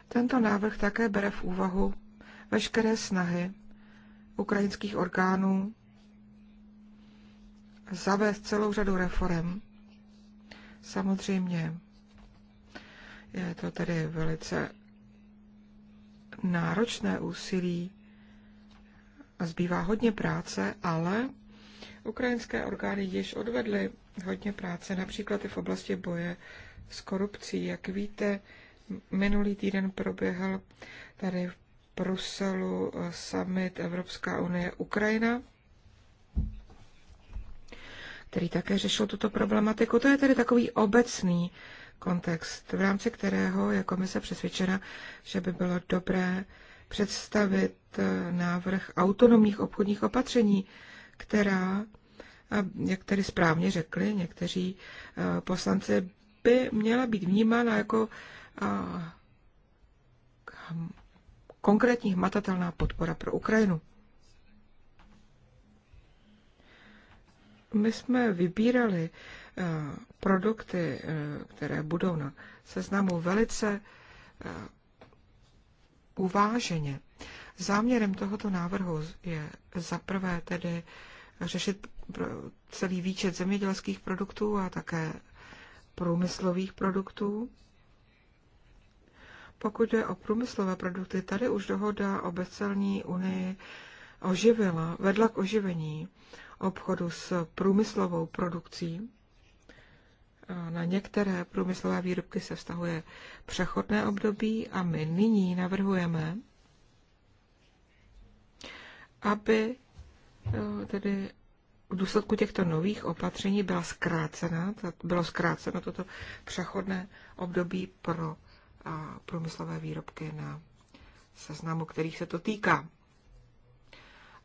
[SPEAKER 4] Tento návrh také bere v úvahu veškeré snahy ukrajinských orgánů zavést celou řadu reform. Samozřejmě je to tedy velice náročné úsilí a zbývá hodně práce, ale ukrajinské orgány již odvedly hodně práce, například i v oblasti boje s korupcí. Jak víte, minulý týden proběhl tady v Bruselu eh, summit Evropská unie Ukrajina, který také řešil tuto problematiku. To je tedy takový obecný kontext, v rámci kterého je komise přesvědčena, že by bylo dobré představit eh, návrh autonomních obchodních opatření, která, jak tedy správně řekli někteří eh, poslanci, by měla být vnímána jako konkrétní hmatatelná podpora pro Ukrajinu. My jsme vybírali eh, produkty, eh, které budou na seznamu velice eh, uváženě. Záměrem tohoto návrhu je zaprvé tedy řešit celý výčet zemědělských produktů a také průmyslových produktů. Pokud jde o průmyslové produkty, tady už dohoda o bezcelní unii oživila, vedla k oživení obchodu s průmyslovou produkcí. Na některé průmyslové výrobky se vztahuje přechodné období a my nyní navrhujeme, aby e, tedy v důsledku těchto nových opatření byla zkrácena, bylo zkráceno toto přechodné období pro a průmyslové výrobky na seznamu, kterých se to týká.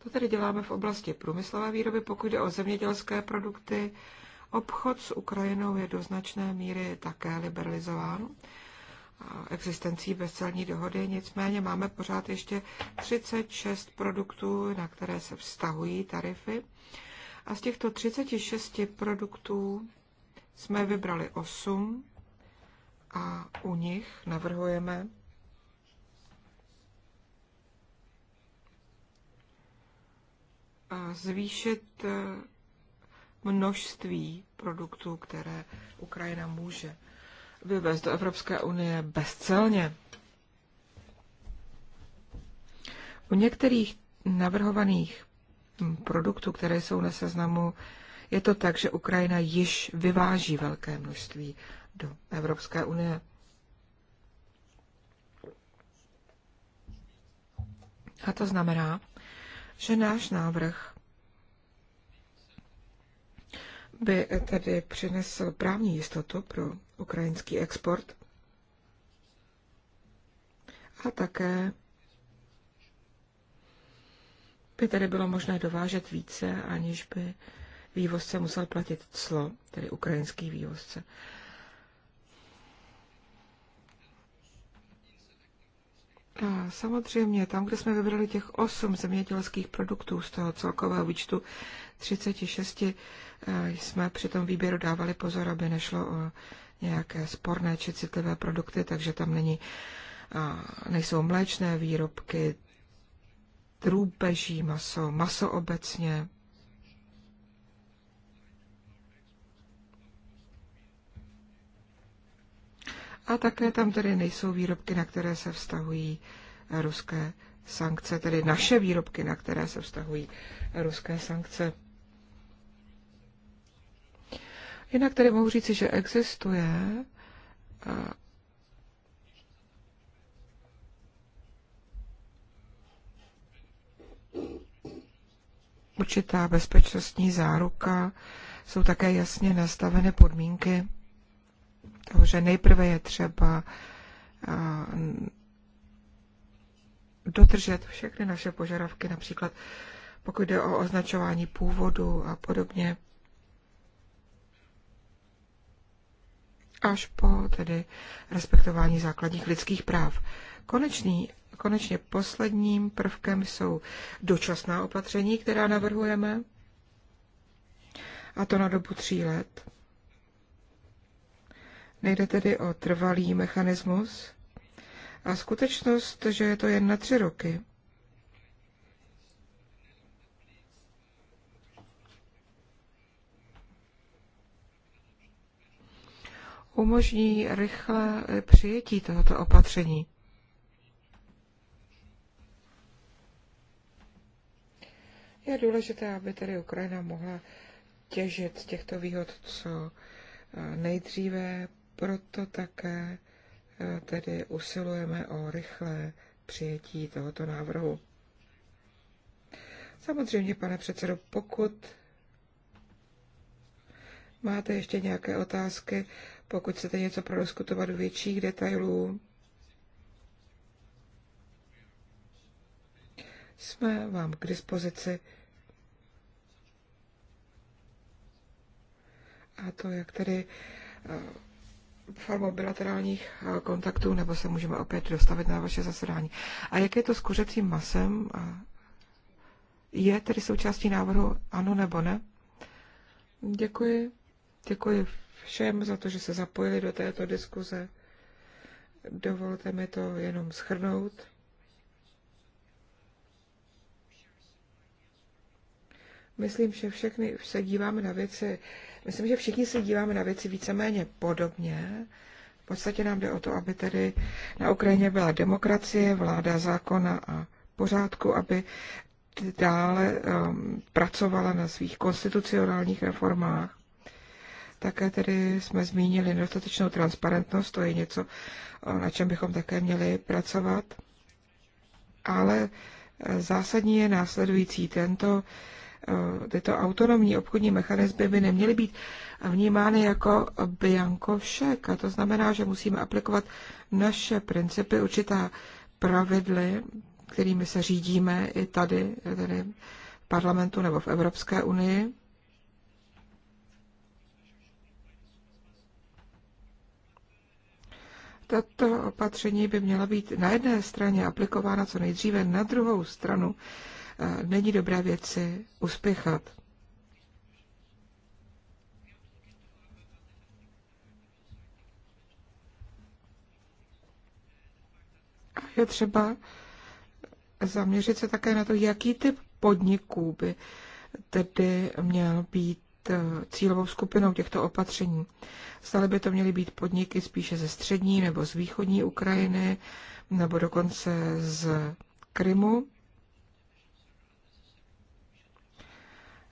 [SPEAKER 4] To tedy děláme v oblasti průmyslové výroby, pokud jde o zemědělské produkty. Obchod s Ukrajinou je do značné míry také liberalizován existencí bezcelní dohody, nicméně máme pořád ještě 36 produktů, na které se vztahují tarify. A z těchto 36 produktů jsme vybrali 8, a u nich navrhujeme zvýšit e, množství produktů, které Ukrajina může vyvést do Evropské unie bezcelně. U některých navrhovaných produktů, které jsou na seznamu, je to tak, že Ukrajina již vyváží velké množství do Evropské unie. A to znamená, že náš návrh by tedy přinesl právní jistotu pro ukrajinský export a také by tedy bylo možné dovážet více, aniž by vývozce musel platit clo, tedy ukrajinský vývozce. Samozřejmě, tam, kde jsme vybrali těch 8 zemědělských produktů z toho celkového výčtu 36, eh, jsme při tom výběru dávali pozor, aby nešlo o nějaké sporné či citlivé produkty, takže tam není, nejsou mléčné výrobky, drůbeží maso, maso obecně, a také tam tedy nejsou výrobky, na které se vztahují ruské sankce, tedy naše výrobky, na které se vztahují ruské sankce. Jinak tedy mohu říci, že existuje určitá bezpečnostní záruka, jsou také jasně nastaveny podmínky že nejprve je třeba dodržet všechny naše požadavky, například pokud jde o označování původu a podobně, až po tedy respektování základních lidských práv. Konečný, konečně posledním prvkem jsou dočasná opatření, která navrhujeme, a to na dobu tří let. Nejde tedy o trvalý mechanismus a skutečnost, že je to jen na tři roky, umožní rychle přijetí tohoto opatření. Je důležité, aby tedy Ukrajina mohla těžit z těchto výhod co eh, nejdříve proto také eh, tedy usilujeme o rychlé přijetí tohoto návrhu. Samozřejmě, pane předsedo, pokud máte ještě nějaké otázky, pokud chcete něco prodiskutovat do větších detailů, jsme vám k dispozici. A to, jak tedy eh, formou bilaterálních eh, kontaktů, nebo se můžeme opět dostavit na vaše zasedání. A jak je to s kuřecím masem? Je tedy součástí návrhu ano nebo ne? Děkuji. Děkuji všem za to, že se zapojili do této diskuze. Dovolte mi to jenom schrnout. Myslím, že všechny se díváme na věci, myslím, že všichni se díváme na věci víceméně podobně. V podstatě nám jde o to, aby tedy na Ukrajině byla demokracie, vláda zákona a pořádku, aby dále um, pracovala na svých konstitucionálních reformách. Také tedy jsme zmínili nedostatečnou transparentnost, to je něco, uh, na čem bychom také měli pracovat. Ale uh, zásadní je následující. Tento Eh, tyto autonomní obchodní mechanismy by neměly být vnímány jako bianko všek. A to znamená, že musíme aplikovat naše principy, určitá pravidly, kterými se řídíme i tady, tady v parlamentu nebo v Evropské unii. Tato opatření by měla být na jedné straně aplikována co nejdříve, na druhou stranu není dobré věci uspěchat. je třeba zaměřit se také na to, jaký typ podniků by tedy měl být eh, cílovou skupinou těchto opatření. Stále by to měly být podniky spíše ze střední nebo z východní Ukrajiny, nebo dokonce z Krymu.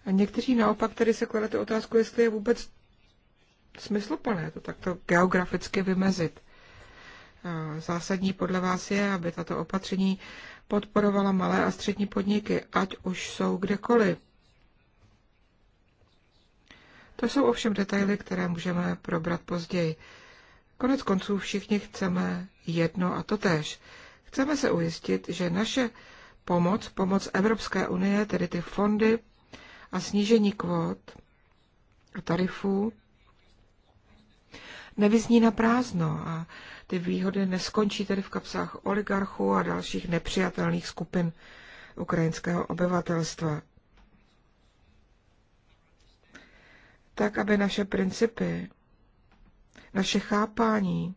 [SPEAKER 4] A někteří naopak tady se kladete otázku, jestli je vůbec smysluplné to takto geograficky vymezit. Zásadní podle vás je, aby tato opatření podporovala malé a střední podniky, ať už jsou kdekoliv. To jsou ovšem detaily, které můžeme probrat později. Konec konců všichni chceme jedno a to tež. Chceme se ujistit, že naše pomoc, pomoc Evropské unie, tedy ty fondy, a snížení kvót a tarifů nevyzní na prázdno a ty výhody neskončí tedy v kapsách oligarchů a dalších nepřijatelných skupin ukrajinského obyvatelstva. Tak, aby naše principy, naše chápání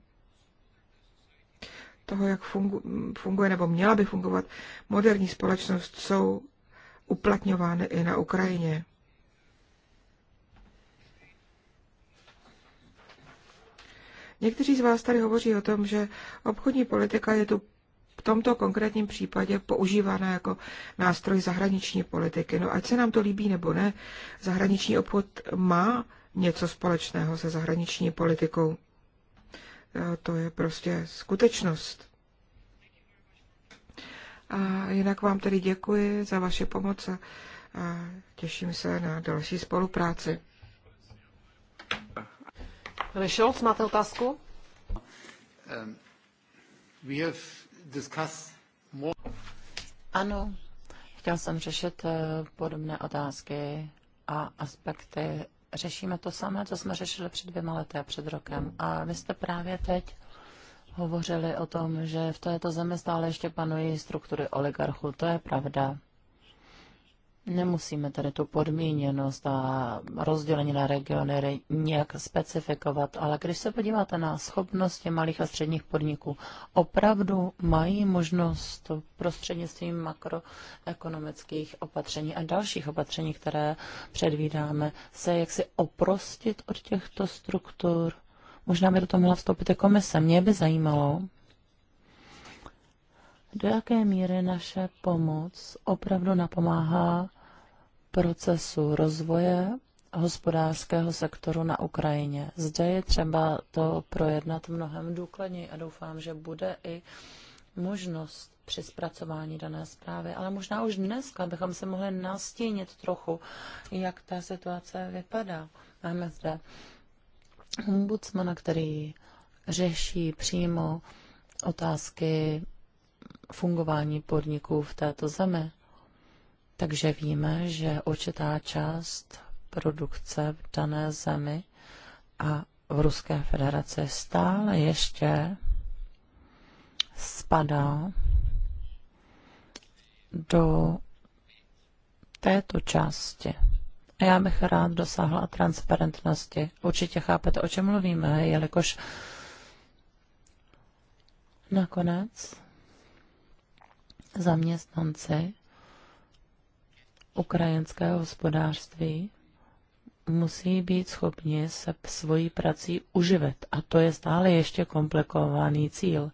[SPEAKER 4] toho, jak fungu, funguje nebo měla by fungovat moderní společnost, jsou uplatňovány i na Ukrajině. Někteří z vás tady hovoří o tom, že obchodní politika je tu v tomto konkrétním případě používána jako nástroj zahraniční politiky. No ať se nám to líbí nebo ne, zahraniční obchod má něco společného se zahraniční politikou. E, to je prostě skutečnost. A jinak vám tedy děkuji za vaši pomoc a těším se na další spolupráci.
[SPEAKER 2] Pane Scholz, máte otázku? Um, ano, chtěl jsem řešit
[SPEAKER 3] eh, podobné otázky a aspekty řešíme to samé, co jsme řešili před dvěma lety a před rokem. A vy jste právě teď hovořili o tom, že v této zemi stále ještě panují struktury oligarchů. To je pravda. Nemusíme tady tu podmíněnost a rozdělení na regiony nějak specifikovat, ale když se podíváte na schopnosti malých a středních podniků, opravdu mají možnost prostřednictvím makroekonomických opatření a dalších opatření, které předvídáme, se jaksi oprostit od těchto struktur Možná by do toho měla vstoupit i komise. Mě by zajímalo, do jaké míry naše pomoc opravdu napomáhá procesu rozvoje hospodářského sektoru na Ukrajině. Zde je třeba to projednat mnohem důkladněji a doufám, že bude i možnost při zpracování dané zprávy. Ale možná už dneska bychom se mohli nastínit trochu, jak ta situace vypadá. Máme zde ombudsmana, který řeší přímo otázky fungování podniků v této zemi. Takže víme, že určitá část produkce v dané zemi a v Ruské federaci stále ještě spadá do této části a já bych rád dosáhla transparentnosti. Určitě chápete, o čem mluvíme, jelikož nakonec zaměstnanci ukrajinského hospodářství musí být schopni se svojí prací uživit. A to je stále ještě komplikovaný cíl.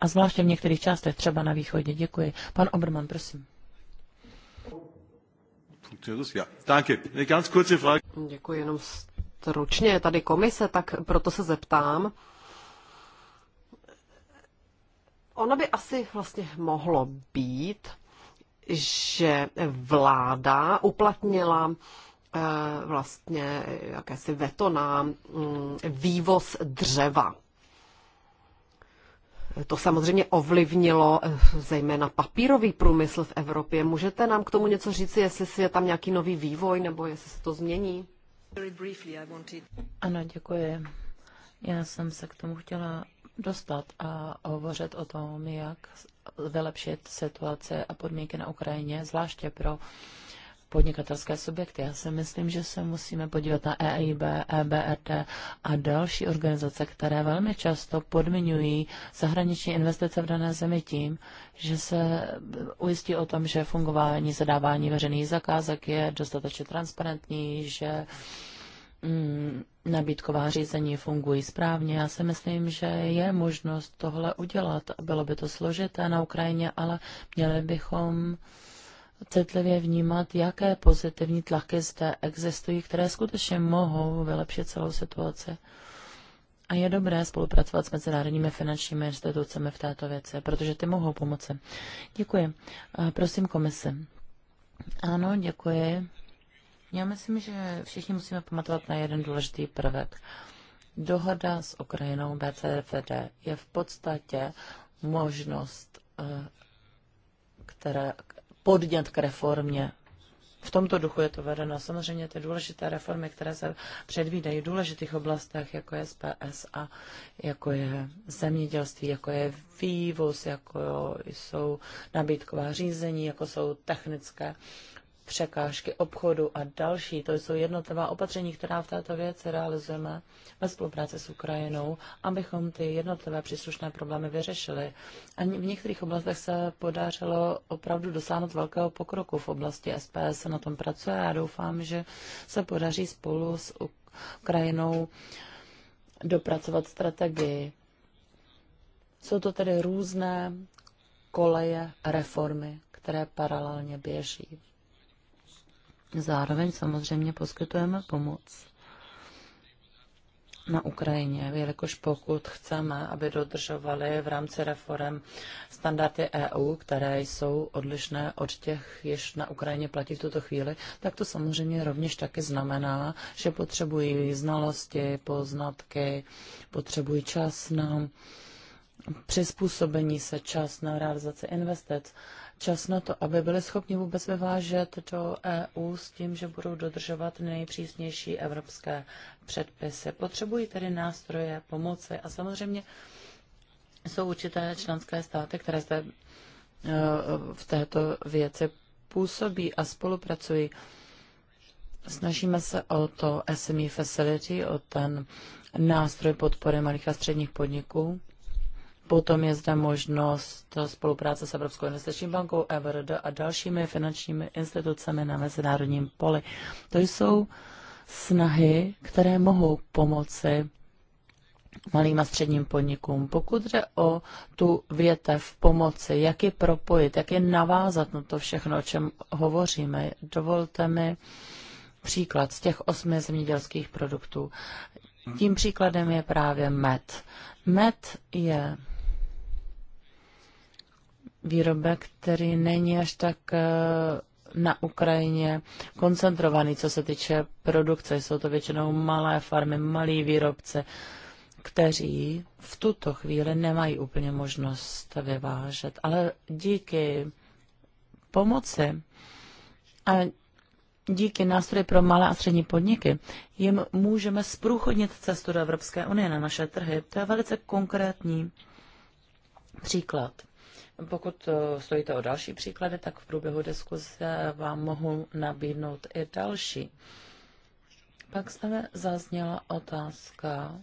[SPEAKER 3] A zvláště v některých částech, třeba na východě. Děkuji. Pan Obrman, prosím.
[SPEAKER 2] Děkuji jenom stručně. Je tady komise, tak proto se zeptám. Ono by asi vlastně mohlo být, že vláda uplatnila eh, vlastně jakési veto na mm, vývoz dřeva. To samozřejmě ovlivnilo eh, zejména papírový průmysl v Evropě. Můžete nám k tomu něco říct, jestli je tam nějaký nový vývoj nebo jestli se to změní?
[SPEAKER 3] Ano, děkuji. Já jsem se k tomu chtěla dostat a hovořit o tom, jak vylepšit situace a podmínky na Ukrajině, zvláště pro podnikatelské subjekty. Já si myslím, že se musíme podívat na EIB, EBRD a další organizace, které velmi často podmiňují zahraniční investice v dané zemi tím, že se ujistí o tom, že fungování zadávání veřejných zakázek je dostatečně transparentní, že mm, nabídková řízení fungují správně. Já si myslím, že je možnost tohle udělat. Bylo by to složité na Ukrajině, ale měli bychom citlivě vnímat, jaké pozitivní tlaky zde existují, které skutečně mohou vylepšit celou situaci. A je dobré spolupracovat s mezinárodními finančními institucemi v této věci, protože ty mohou pomoci. Děkuji. Eh, prosím komisi. Ano, děkuji. Já myslím, že všichni musíme pamatovat na jeden důležitý prvek. Dohoda s Ukrajinou BCFD je v podstatě možnost, eh, která podnět k reformě. V tomto duchu je to vedeno. Samozřejmě ty důležité reformy, které se předvídají v důležitých oblastech, jako je SPS a jako je zemědělství, jako je vývoz, jako jsou nabídková řízení, jako jsou technické uh, překážky obchodu a další. To jsou jednotlivá opatření, která v této věci realizujeme ve spolupráci s Ukrajinou, abychom ty jednotlivé příslušné problémy vyřešili. A v některých oblastech se podařilo opravdu dosáhnout velkého pokroku v oblasti SPS. Se na tom pracuje a doufám, že se podaří spolu s Ukrajinou dopracovat strategii. Jsou to tedy různé koleje reformy, které paralelně běží. Zároveň samozřejmě poskytujeme pomoc na Ukrajině, jelikož pokud chceme, aby dodržovali v rámci reform standardy EU, které jsou odlišné od těch, jež na Ukrajině platí v tuto chvíli, tak to samozřejmě rovněž taky znamená, že potřebují znalosti, poznatky, potřebují čas na přizpůsobení se, čas na realizaci investic čas na to, aby byli schopni vůbec vyvážet do EU s tím, že budou dodržovat nejpřísnější evropské předpisy. Potřebují tedy nástroje pomoci a samozřejmě jsou určité členské státy, které zde e, v této věci působí a spolupracují. Snažíme se o to SME Facility, o ten nástroj podpory malých a středních podniků. Potom je zde možnost spolupráce s Evropskou investiční bankou, EVRD a dalšími finančními institucemi na mezinárodním poli. To jsou snahy, které mohou pomoci malým a středním podnikům. Pokud jde o tu větev pomoci, jak ji propojit, jak je navázat na to všechno, o čem hovoříme, dovolte mi příklad z těch osmi zemědělských produktů. Tím příkladem je právě med. Med je výrobek, který není až tak eh, na Ukrajině koncentrovaný, co se týče produkce. Jsou to většinou malé farmy, malí výrobce, kteří v tuto chvíli nemají úplně možnost vyvážet. Ale díky pomoci a díky nástroji pro malé a střední podniky jim můžeme zprůchodnit cestu do Evropské unie na naše trhy. To je velice konkrétní příklad. Pokud eh, stojíte o další příklady, tak v průběhu diskuse vám mohu nabídnout i další. Pak se zazněla otázka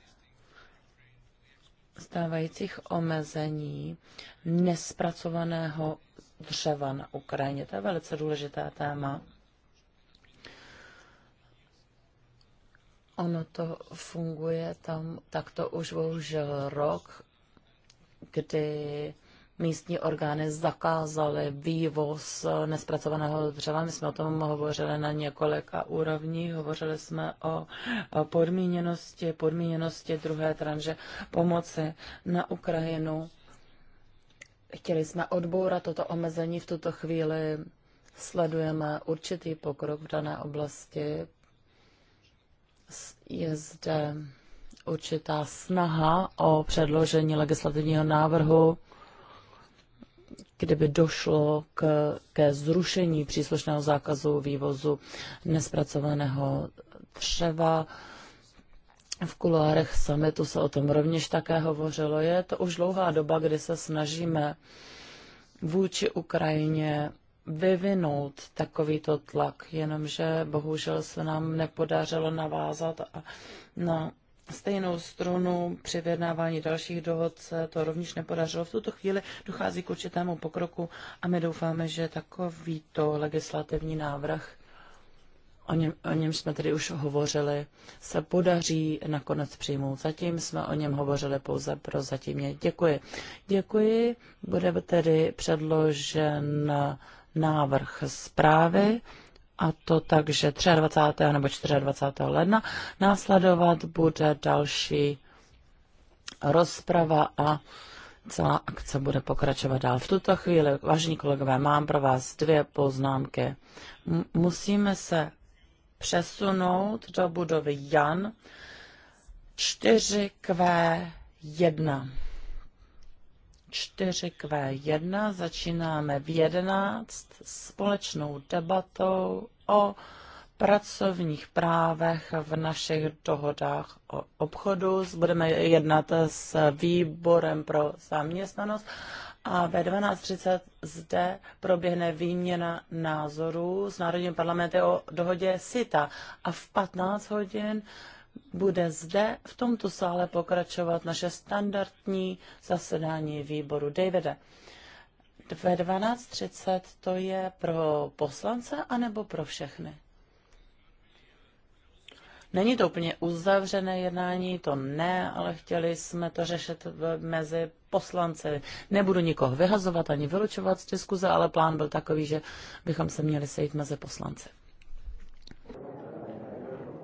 [SPEAKER 3] stávajících omezení nespracovaného dřeva na Ukrajině. To je velice důležité téma. Ono to funguje tam takto už bohužel rok, kdy místní orgány zakázaly vývoz nespracovaného dřeva. My jsme o tom hovořili na několika úrovní. Hovořili jsme o podmíněnosti, podmíněnosti druhé tranže pomoci na Ukrajinu. Chtěli jsme odbourat toto omezení. V tuto chvíli sledujeme určitý pokrok v dané oblasti. Je zde určitá snaha o předložení legislativního návrhu kdyby došlo k, ke zrušení příslušného zákazu vývozu nespracovaného dřeva. V kuloárech summitu se o tom rovněž také hovořilo. Je to už dlouhá doba, kdy se snažíme vůči Ukrajině vyvinout takovýto tlak, jenomže bohužel se nám nepodařilo navázat na stejnou strunu při vyjednávání dalších dohod se to rovněž nepodařilo. V tuto chvíli dochází k určitému pokroku a my doufáme, že takovýto legislativní návrh, o něm, o něm jsme tedy už hovořili, se podaří nakonec přijmout. Zatím jsme o něm hovořili pouze pro zatímně. Děkuji. Děkuji. Bude tedy předložen návrh zprávy a to tak, že 23. nebo 24. ledna následovat bude další rozprava a celá akce bude pokračovat dál. V tuto chvíli, vážení kolegové, mám pro vás dvě poznámky. M musíme se přesunout do budovy Jan 4Q1. 4Q1. Začínáme v 11 společnou debatou o pracovních právech v našich dohodách o obchodu. Budeme jednat s výborem pro zaměstnanost a ve 12.30 zde proběhne výměna názorů s Národním parlamentem o dohodě SITA a v 15 hodin bude zde v tomto sále pokračovat naše standardní zasedání výboru Davide. Ve 12.30 to je pro poslance anebo pro všechny? Není to úplně uzavřené jednání, to ne, ale chtěli jsme to řešit mezi poslanci. Nebudu nikoho vyhazovat ani vylučovat z diskuze, ale plán byl takový, že bychom se měli sejít mezi poslanci.